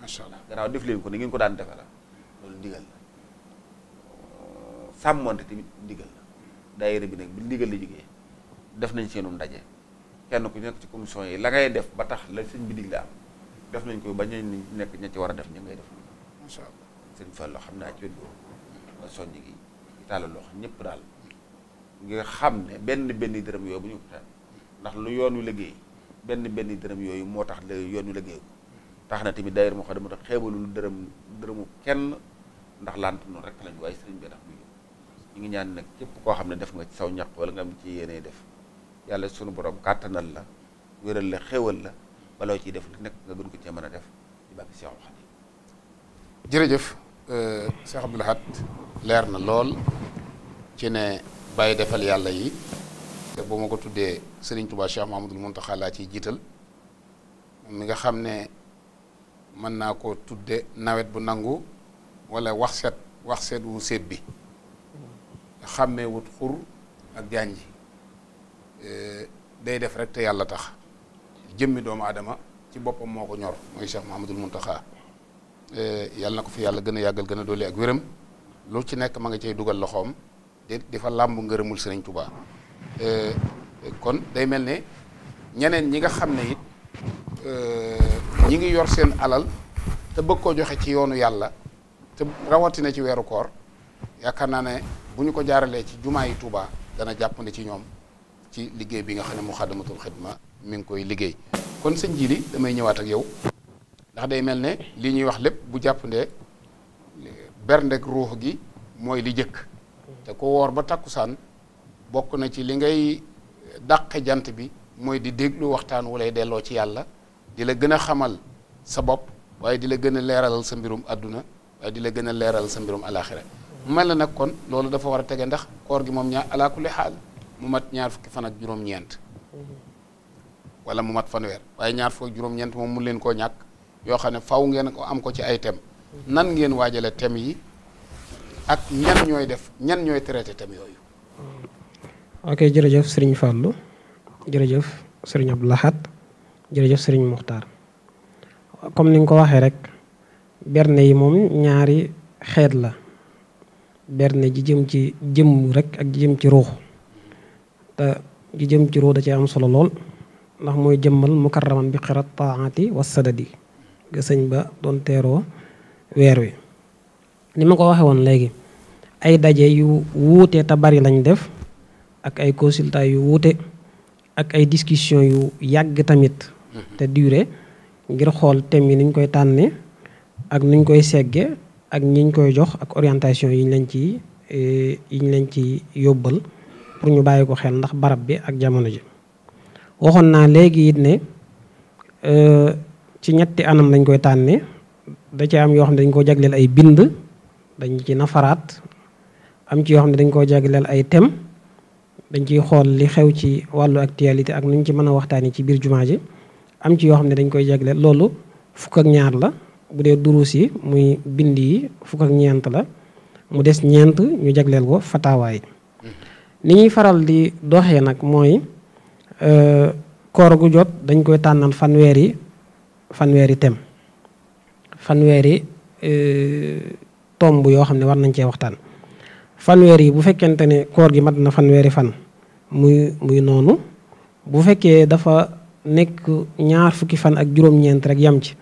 macha allah gannaaw def leen ko ni ngeen ko daan defe la loolu ndigal la sàmmonte tamit ndigal la daayira bi nag bi ndigal la jógee def nañ seenum ndaje kenn ku nekk ci commission yi la ngay def ba tax la sëñ bi dig la am def nañ ko ba ñu nekk ña ci war a def ñu ngay def macha allah sëñ xam naa ci wet boobu ma soññ loxo ñëpp daal ngir xam ne benn benn dërëm yooyu ñu ndax lu yoonu liggéey benn benn dërëm yooyu moo tax la yoonu liggéey ko tax na tamit daayira moo xam ne moo tax dërëm dërëmu kenn ndax lant noonu rek lañu waaye sëriñ bi ñu ngi ñaan nag képp koo xam ne def nga ci saw ñaq wala nga am ci yéenee def yàlla sunu borom kàttanal la wéral la xéwal la baloo ciy def lu nekk nga gën ko cee mën a def di jërëjëf Cheikh euh, Abdou Lahad leer na lool ci ne bàyyi defal yàlla yi te bu ma ko tuddee Serigne Touba Cheikh lu Muntaxa laa ciy jiital mi nga xam ne mën naa ko tudde nawet bu nangu walla wax set wax set wu seet bi xàmmee wut xur ak jaan Eh, day def rek te yàlla tax jëmmi doomu aadama ci boppam moo ko ñor mooy Cheikh Mouhamadul Mountakha eh, yàlla na ko fi yàlla gën a yàggal gën a doole ak wéram lu ci nekk ma nga cay dugal loxoom di di fa làmb ngërëmul Sëriñ Tuubaa eh, kon day mel ne ñeneen ñi nga xam ne it ñi ngi yor seen alal te bëgg koo joxe ci yoonu yàlla te rawatina ci weeru koor yaakaar naa ne bu ñu ko jaaralee ci jumaa yi Tuubaa dana jàpp ci ñoom ci liggéey bi nga xam ne Muxaddamatul Xidma mi ngi koy liggéey kon sëñ ji li damay ñëwaat ak yow ndax day mel ne li ñuy wax lépp bu jàppandee berndek ruux gi mooy li jëkk te ko woor ba takkusaan bokk na ci li ngay dàqe jant bi mooy di déglu waxtaan wu lay delloo ci yàlla di la gën a xamal sa bopp waaye di la gën a leeralal sa mbirum àdduna waaye di la gën a leeral sa mbirum alaxira mel na nag kon loolu dafa war a tege ndax koor gi moom ñaa alaakulli mu mat ñaar fukki fan ak juróom-ñeent wala mu mat fanweer waaye ñaar fukki juróom-ñeent moom mun leen koo ñàkk yoo xam ne faw ngeen ko am ko ci ay tem nan ngeen waajale tem yi ak ñan ñooy def ñan ñooy traité tem yooyu ok jërëjëf sëriñ Fallou jërëjëf sëriñ Abdou Lahad jërëjëf sëriñ Muxtaar comme ni ko waxee rek berne yi moom ñaari xeet la berne ji jëm ci jëmm rek ak ji jëm ci ruux te jëm ci ruu da cee am solo lool ndax mooy jëmmal mukarraman bi xirat taati was sadadi di sëñ ba doon teeroo weer wi ni ma ko waxe woon léegi ay daje yu wuute te bari lañ def ak ay consultat yu wuute ak ay discussion yu yàgg tamit te dure ngir xool thème yi niñ koy tànnee ak nuñ koy segge ak ñiñ koy jox ak orientation yiñ lañ ci eh, yiñ lañ ci yóbbal pour ñu bàyyi ko xel ndax barab bi ak jamono ji waxoon naa léegi it ne euh, ci ñetti anam lañ koy tànnee da ci am yoo xam ne dañ ko jagleel ay bind dañ ci nafaraat am ci yoo xam ne dañ koo jagleel ay thème dañ ciy xool li xew ci wàllu actualité ak nuñ ci mën a waxtaanee ci biir jumaa ji am ci yoo xam ne dañ koy jagleel loolu fukk ak ñaar la bu dee duruus yi muy bind yi fukk ak ñeent la mu des ñeent ñu jagleel ko fataawaay ni ñuy faral di doxee nag mooy euh, koor gu jot dañ koy tànnal fanweeri fanweeri tem fanweeri euh, tomb yoo xam ne war nañ cee waxtaan fanweer yi bu fekkente ne koor gi mat na fanweeri fan muy muy noonu bu fekkee dafa nekk ñaar fukki fan ak juróom-ñeent rek yam ci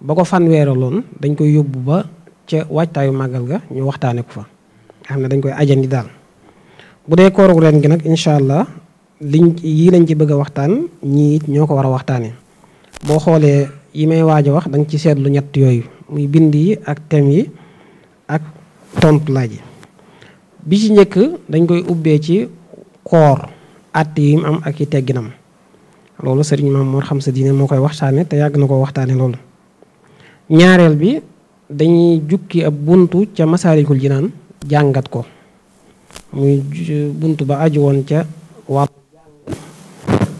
ba ko loon dañ koy yóbbu ba ca waajtaayu màggal ga ñu waxtaane ko fa nga xam ne dañ koy ajandi daal bu dee kooru ren gi nag incha allah liñ yii lañ ci bëgg a waxtaan ñii it ñoo ko war a waxtaanee boo xoolee yi may waaja wax da ci seetlu ñett yooyu muy bind yi ak thème yi ak tontu laaj yi bi ci njëkk dañ koy ubbee ci koor àtt yi mu am ak i tegginam loolu sëriñ Maam Mor Xam sa diine moo koy wax waxtaane te yàgg na ko waxtaane loolu ñaareel bi dañuy jukki ab buntu ca Masaalikul naan jàngat ko muy bunt ba aju woon ca wàll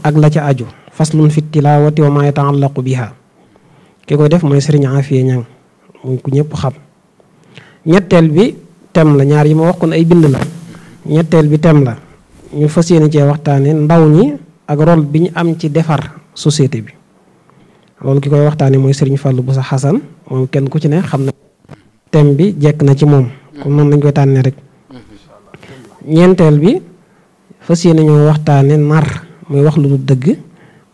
ak la ca aju faslun fi tilaawati wa ma yataallaqu biha ki koy def mooy sëriñ Afiya Ñang muy ku ñëpp xam ñetteel bi tem la ñaar yi ma wax ay bind la bi tem la ñu fas yéene cee waxtaane ndaw ñi ak rôle bi ñu am ci defar société bi loolu ki koy waxtaane mooy sëriñ Fallou Boussa Xasan moom kenn ku ci ne xam na tem bi jekk na ci moom comme noonu lañ koy tànnee rek ñeenteel bi fas yéene ñoo waxtaane mar muy wax lu dul dëgg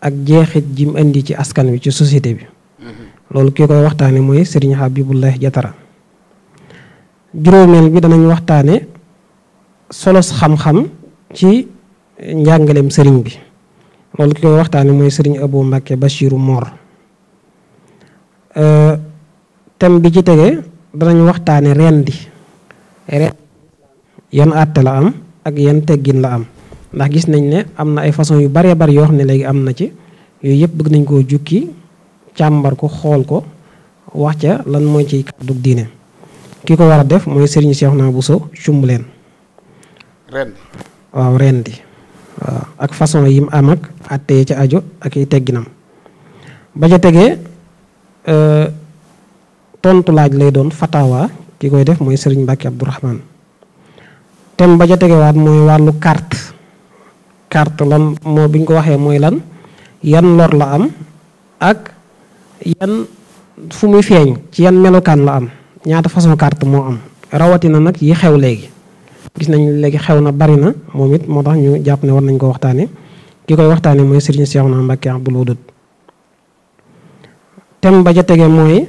ak jeexit ji indi ci askan wi ci société bi mm-hmm. loolu ki koy waxtaane mooy Serigne Habibullahi Jatara juróomeel bi danañ waxtaane solos xam-xam ci njàngaleem sëriñ bi loolu ki koy waxtaane mooy sëriñ Abou Mbacké Bachiru Mor euh, thème bi ci tege danañ waxtaane di yan àtte la am ak yan teggin la am ndax gis nañ ne am na ay façon yu baree bari yoo xam ne léegi am na ci yooyu yëpp bëgg nañ koo jukki càmbar ko xool ko wax ca lan mooy ci kàddu diine ki ko war a def mooy Serigne Cheikhouna Bousso Cumbuleen ren waaw ren di waaw ak façon yim am ak àtte ca aju ak i tegginam ba ca tegee euh, tontu laaj lay doon fatawa ki koy def mooy Serigne Mbacke Abdourahmane tem ba ca tegewaat mooy wàllu carte carte lan moo bi ñu ko waxee mooy lan yan lor la am ak yan fu muy feeñ ci yan melokaan la am ñaata façon carte moo am rawatina nag yi xew léegi gis nañ léegi xew na bari na moom it moo tax ñu jàpp ne war nañ ko waxtaane ki koy waxtaane mooy Serigne Cheikhouna Mbacké Abdoul Wadoud tem ba ca tege mooy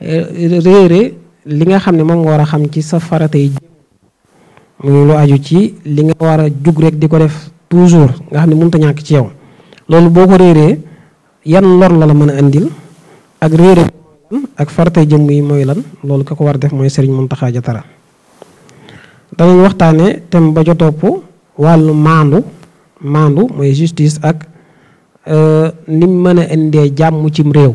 eh, réere li nga xam ne moom nga war a xam ci sa farata muy lu aju ci li nga war a jug rek di ko def toujours nga xam ne mënut a ñàkk ci yow loolu boo ko réeree yan lor la la mën a andil ak réere ak farte jëmm yi mooy lan loolu ka ko war def mooy Serigne Mountakha Diatara danañ waxtaane tem ba ca topp wàllu maandu maandu mooy justice ak euh, nim mën a indee jàmm cim réew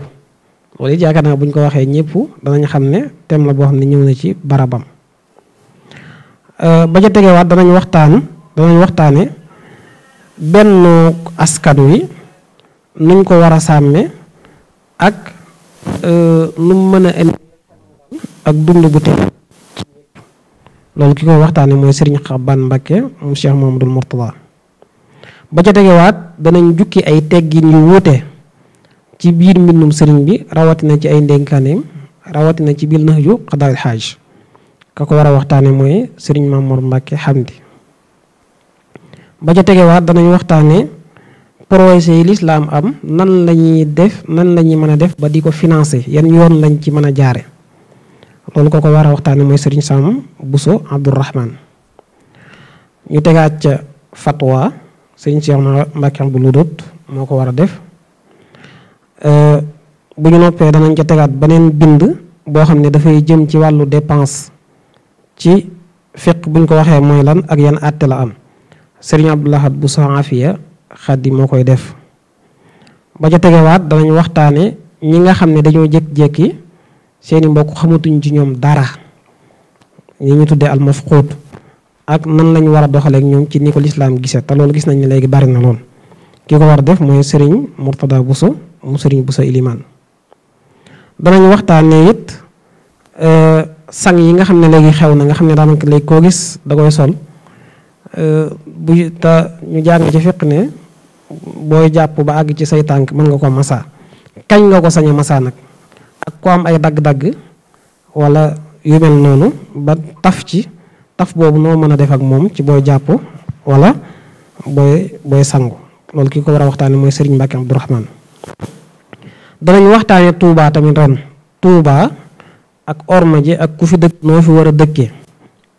loolu it yaakaar naa ñu ko waxee ñëpp danañ xam ne tem la boo xam ne ñëw ne ci barabam Euh, ba ca tegewaat danañ waxtaan danañ waxtaane benn askan wi nuñ ko war a sàmme ak euh, nu mën a ak dund bu teg loolu ki koy waxtaane mooy Serigne Xaban Mbakke mu Cheikh Mamadou Mourtada ba ca tegewaat danañ jukki ay teggin yu wuute ci biir mbindum sëriñ bi rawatina ci ay ndénkaaneem rawatina ci biir naxju xadaal xaaj ka ko war a waxtaane mooy sëriñ Mamour Mbacke Hamdi ba ca tegewaat danañ waxtaane projet yi lislaam am nan la ñuy def nan la ñuy mën a def ba di ko financer yan yoon lañ ci mën a jaare loolu ko ko war a waxtaane mooy sëriñ Sam Bousso Abdourahman ñu tegaat ca fatwa sëriñ Cheikh Mbacke am bu ludut moo ko war a def euh, bu ñu noppee danañ ca tegaat beneen bind boo xam ne dafay jëm ci wàllu dépense ci fiq buñ ko waxee mooy lan ak yan àtte la am sëriñ Abdul Ahad bu Saafiya Xaddi moo koy def ba ca tegewaat danañ waxtaane ñi nga xam ne dañoo jékki-jékki seeni mbokk xamatuñ ci ñoom dara ñu ñu tuddee almafquud ak nan lañ war a doxaleek ñoom ci ni ko lislaam gise te loolu gis nañ ne léegi bari na lool ki ko war def mooy sëriñ Murtada Buso mu sëriñ Buso Ilimaan danañ waxtaane it euh, sang yi nga xam ne léegi xew na nga xam ne daanaka léegi koo gis da koy sol euh, bu ñu jàng ci fiq ne booy jàpp ba àgg ci say tànk mën nga ko massa kañ nga ko sañ a massa nag ak ku am ay dagg-dagg wala yu mel noonu ba taf ci taf boobu noo mën a def ak moom ci booy jàpp wala booy booy sangu loolu ki ko war a waxtaane mooy Serigne Mbacke Abdourahmane danañ waxtaane Touba tamit ren Touba ak orma ji ak ku fi dëkk noo fi war a dëkkee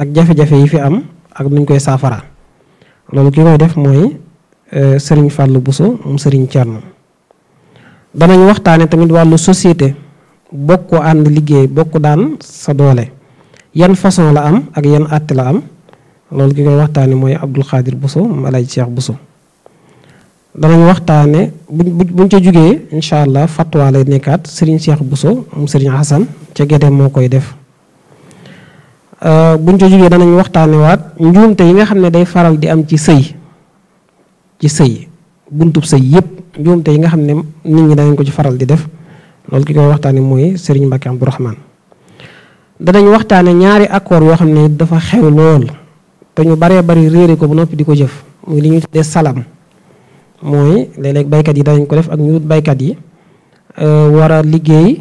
ak jafe-jafe yi fi am ak nuñ koy saafara loolu ki koy def mooy e, sëriñ Fallou Bousso moom sëriñ Thierno danañ waxtaane tamit wàllu société bokk ko ànd liggéey bokk daan sa doole yan façon la am ak yan àtte la am loolu ki koy waxtaane mooy Abdoul Khadir Bousso moom Alaaji Cheikh Bousso danañ waxtaane buñ buñ ca jógee incha allah fatwa nekkaat Serigne Cheikh Bousso mu Serigne Hassan ca Gédé moo koy def. Euh, buñ ca jógee danañ waxtaane waat njuumte yi nga xam ne day faral di am ci sëy ci sëy buntub sëy yëpp njuumte yi nga xam ne nit ñi danañ ko ci faral di def loolu ki koy waxtaane mooy Serigne Mbacke Abdourahmane danañ waxtaane ñaari accord yoo xam ne dafa xew lool te ñu baree bari réere ko ba noppi di ko jëf muy li ñuy tuddee salam mooy léeg baykat yi danañ ko def ak ñu baykat yi euh, war a liggéey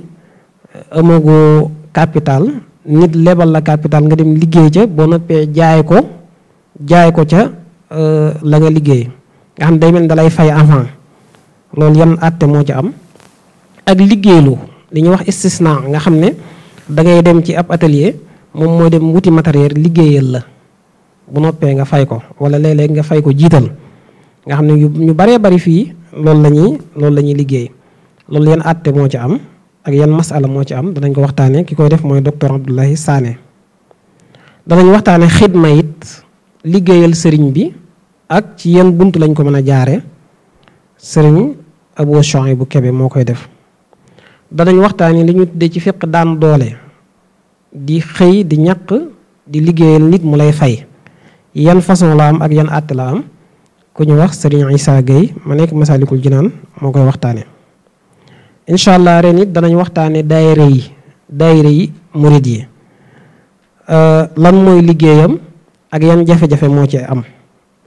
euh, amagoo capital nit lebal la capital nga dem liggéey ca boo noppee jaay ko jaay ko ca euh, la nga liggéey nga xam day mel dalay fay avant loolu yan àtte moo ci am ak liggéeylu li ñuy wax istisna nga xam ne da ngay dem ci ab atelier moom mooy dem wuti matériel liggéeyal la bu noppee nga fay ko wala léeg nga fay ko jiital nga xam ne ñu baree bari fii loolu la ñuy loolu la ñuy liggéey loolu yan àtte moo ci am ak yan masala moo ci am danañ ko waxtaanee ki koy def mooy docteur Abdoulaye saane danañ waxtaane xidma it liggéeyal sëriñ bi ak ci yan bunt lañ ko mën a jaare sëriñ Abou Chouaïb bu kebe moo koy def danañ waxtaane li ñu tuddee ci fiq daan doole di xëy di ñaq di liggéeyal nit mu lay fay yan façon la am ak yan àtte la am ku ñu wax Serigne Issa Gueye ma nekk Masaalikul Jinaan moo koy waxtaane incha allah ren it danañ waxtaane daayira yi daayira yi murid yi euh, lan mooy liggéeyam ak yan jafe-jafe moo ci am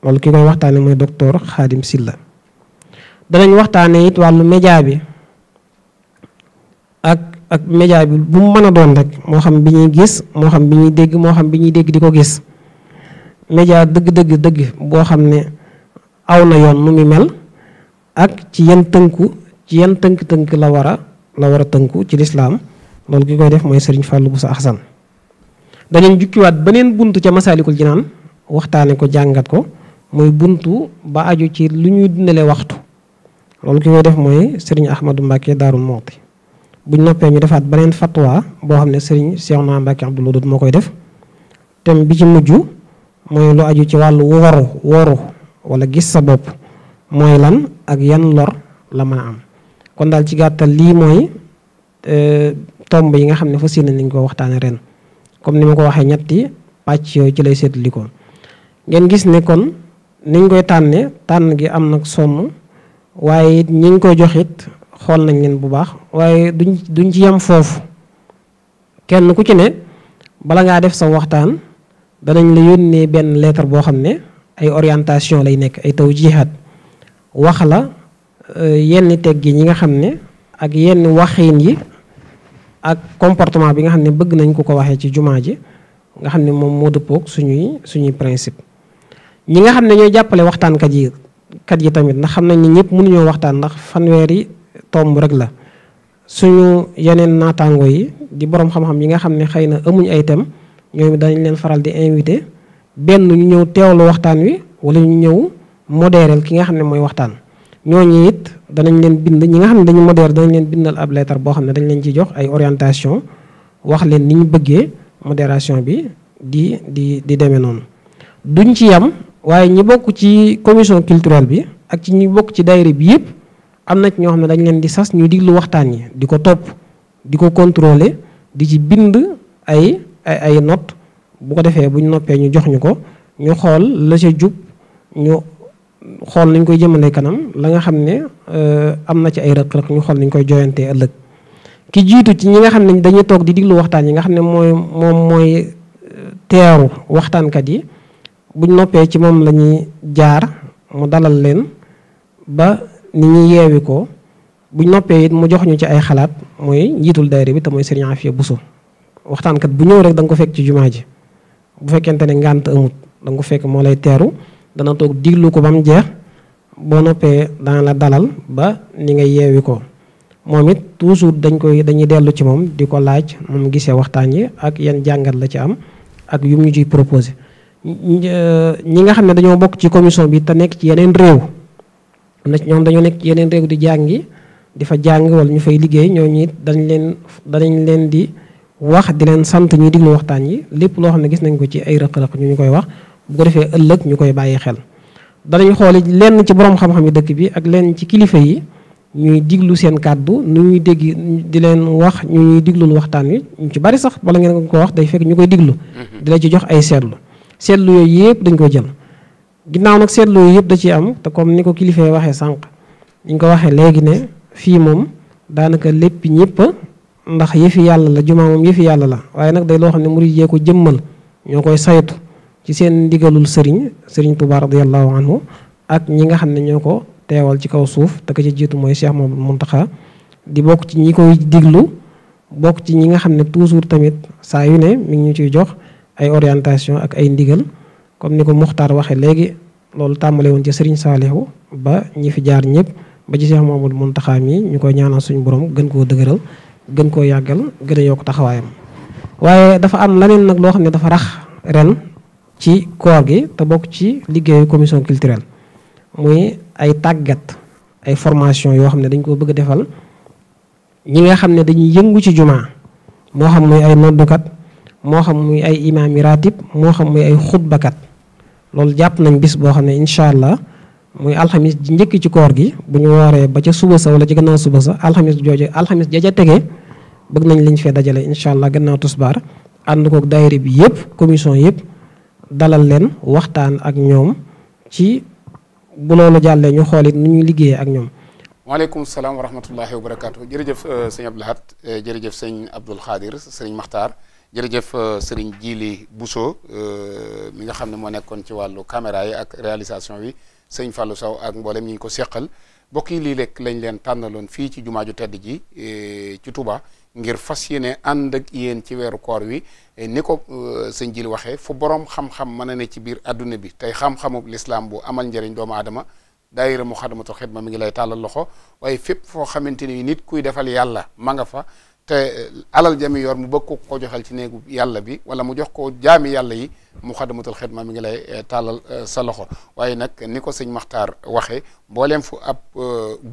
loolu ki koy waxtaane mooy docteur Khadim Silla danañ waxtaane it wàllu média bi ak ak média bi bu mu mën a doon rek moo xam bi ñuy gis moo xam bi ñuy dégg moo xam bi ñuy dégg di ko gis média dëgg dëgg dëgg boo xam ne aw na yoon mu mu mel ak ci yan tënku ci yan tënk-tënk la war la war tënku ci lislaam loolu ki koy def mooy sëriñ Fallou Bousso Axsan dañu jukkiwaat beneen buntu ca masaalikul jinaan waxtaane ko jàngat ko muy bunt ba aju ci lu ñuy dundale waxtu loolu ki koy def mooy sëriñ Ahmadou Mbacke Daaru Muxti buñ noppee ñu defaat beneen fatwa boo xam ne sëriñ Seexna Mbacke Abdoul Wadoud moo koy def thème bi ci mujj mooy lu aju ci wàllu woru woru wala gis sa bopp mooy lan ak yan lor la a am kon daal ci gàttal lii mooy euh, tomb yi nga xam ne fa yéene nañ ko waxtaane ren comme ni ma ko waxee ñetti pàcc yooyu ci lay seetlikoo ngeen gis ne kon niñ koy tànne tànn gi am nag sonn waaye it ñi ngi koy jox xool nañ leen bu baax waaye duñ duñ ci yem foofu kenn ku ci ne bala ngaa def sa waxtaan danañ la yónnee benn lettre boo xam ne ay orientation lay nekk ay tawjihat wax la euh, yenn teggin yi nga xam ne ak yenn waxiin yi ak comportement bi nga xam ne bëgg nañ ko ko waxee ci jumaa ji nga xam ne moom moo dëppoog suñuy suñuy principe ñi nga xam ne ñooy jàppale waxtaankat yi kat yi tamit ndax xam nañ ne ñëpp mënuñoo waxtaan ndax fanweeri tomb rek la suñu yeneen naataango yi di borom xam-xam yi nga xam ne xëy na amuñ ay thème ñoom dañ leen faral di invité benn ñu ñëw teewalu waxtaan wi wala ñu ñëw modéral ki nga xam ne mooy waxtaan ñooñu it danañ leen bind ñi nga xam ne dañu modérer danañ leen bindal ab leetar boo xam ne dañ leen ci jox ay orientation wax leen ni ñu bëggee modération bi di di di demee noonu duñ ci yam waaye ñi bokk ci commission culturelle bi ak ci ñi bokk ci daayira bi yëpp am na ci ñoo xam ne dañ leen di sas ñu diglu waxtaan yi di ko topp di ko controle di ci bind ay ay not bu ko defee bu ñu noppee ñu jox ñu ko ñu xool la ca jub ñu xool nañ koy jëmale kanam la nga xam ne euh, am na ci ay rëq-rëq ñu xool nañ koy jooyantee ëllëg ki jiitu ci ñi nga xam ne dañuy toog di diglu waxtaan yi nga xam ne mooy moom mooy euh, teeru waxtaankat yi buñ noppee ci moom la ñuy jaar mu dalal leen ba ni ñuy yeewi ko buñ noppee it mu jox ñu ci ay xalaat mooy njiitul daayira bi te mooy Serigne Afia Bousso waxtaankat bu ñëw rek da ko fekk ci jumaa ji bu fekkente ne ngànt amut da ku fekk moo lay teeru dana toog diglu ko ba mu jeex boo noppee dana la dalal ba ni nga yeewi ko moom it toujours dañ koy dañuy dellu ci moom di ko laaj moom gisee waxtaan yi ak yan jàngat la ci am ak yu mu ñu ciy proposé. Euh, ñi nga xam ne dañoo bokk ci commission bi te nekk ci yeneen réew na ñoom dañoo nekk ci yeneen réew di jàngi di fa jàng wala ñu fay liggéey ñooñu it dañ leen danañ leen di. wax di leen sant ñuy diglu waxtaan yi lépp loo xam ne gis nañ ko ci ay rëq-rëq ñu ñu koy wax bu ko defee ëllëg ñu koy bàyyi xel danañu xooli lenn ci borom xam-xam yi dëkk bi ak lenn ci kilifa yi ñuy diglu seen kàddu nu ñuy dégg di leen wax ñu ñuy diglul waxtaan wi ñu ci bari sax bala ngeen ko wax day fekk ñu koy diglu mm-hmm. di la ci jox ay seetlu seetlu yooyu yëpp dañ ko jël ginnaaw nag seetlu yooyu yëpp da ciy am te comme ni ko kilifa yi waxee sànq ñu ko waxee léegi ne fii moom daanaka lépp ñëpp ndax yëfi yàlla la jumaa moom yëfi yàlla la waaye nag day loo xam ne murid yee ko jëmmal ñoo koy saytu ci seen ndigalul sëriñ sëriñ Tuubaa radiyallahu anhu ak ñi nga xam ne ñoo ko teewal ci kaw suuf te ka ci jiitu mooy Cheikh Mouhamadou Mountakha di bokk ci ñi koy diglu bokk ci ñi nga xam ne toujours tamit saa yu ne mi ngi ñu ciy jox ay orientation ak ay ndigal comme ni ko Muxtaar waxee léegi loolu tàmbale woon ci sëriñ Saalihu ba ñi fi jaar ñëpp ba ci Cheikh Mouhamadou Mountakha mi ñu koy ñaanal suñu borom gën koo dëgëral gën koo yàggal gën a yokk taxawaayam waaye dafa am leneen nag loo xam ne dafa rax ren ci koor gi te bokk ci liggéeyu commission culturelle muy ay tàggat ay formation yoo xam ne dañ ko bëgg a defal ñi nga xam ne dañuy yëngu ci jumaa moo xam muy ay noddukat moo xam muy ay imaami ratib moo xam muy ay xutbakat loolu jàpp nañ bis boo xam ne incha allah muy alxamis ji njëkk ci koor gi bu ñu waaree ba ca suba sa wala ci gannaaw suba sa alxamis jooju alxamis ja ca tegee bëgg nañ liñ fee dajale incha allah gannaaw tusbaar ànd koog daayira bi yëpp commission yëpp dalal leen waxtaan ak ñoom ci bu loolu jàllee ñu xool it nu ñuy liggéeyee ak ñoom. waaleykum salaam wa rahmatullahi wa barakaatu jërëjëf euh, sëñ Abdou Lahad euh, jërëjëf sëñ Abdoul Khadir sëriñ jërëjëf euh, sëriñ Jili Bousso mi nga xam ne moo nekkoon ci wàllu caméra yi ak réalisation bi. sëñ Fallou Sow ak mboolem ñi ko seqal mbokk yi lii lekk lañ leen tànnaloon fii ci jumaa ju tedd ji e, ci tuba ngir fas yéene ànd ak yéen ci weeru koor wi e, ni ko e, sëñ Jil waxee fu borom xam-xam mën a ne ci biir adduna bi tey xam-xamub lislaam bu amal njariñ doomu aadama daayira Muxaddamatul ma mi ngi lay tàllal loxo waaye fépp foo xamante ni nit kuy defal yàlla ma nga fa te eh, alal jami yor mu bëgg ko ko joxal ci néegu yàlla bi wala mu jox ko jaami yàlla yi mu xadamatul xidma mi ngi lay eh, tàllal eh, sa loxo waaye nag ni ko sëñ Maxtaar waxee mbooleem fu ab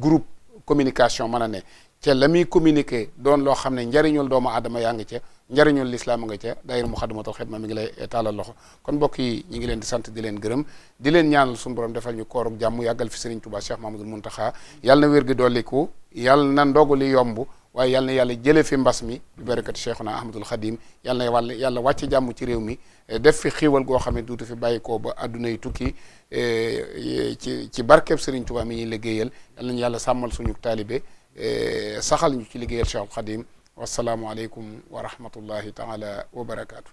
groupe communication mën a ne ca la muy communiqué doon loo xam ne njariñul doomu adama yaa ngi ca njariñul lislaam nga ca day mu xadamatul xidma mi ngi lay tàllal loxo kon mbokk yi ñu ngi leen di sant di leen gërëm di leen ñaanal suñu borom defal ñu koorug jàmm yàggal fi sëriñ Tuubaa Cheikh Mahamadul Muntaxa yàlla na wér gi dolliku yàlla na ndogu li yomb waaye yal yàlla jële fi mbas mi bi barakati cheikhuna ahmadul xadim yal na wàll yàlla wàcce jàmm ci réew mi eh, def fi xiiwal goo xam ne duutu fi bàyyi ko ba adduna yi tukki eh, ci ci barkeb Serigne Touba mi ñuy liggéeyal yal yàlla sàmmal suñu taalibe eh, saxal ñu ci liggéeyal cheikhul xadim wasalaamualeykum wa rahmatullahi taala wa barakaatu.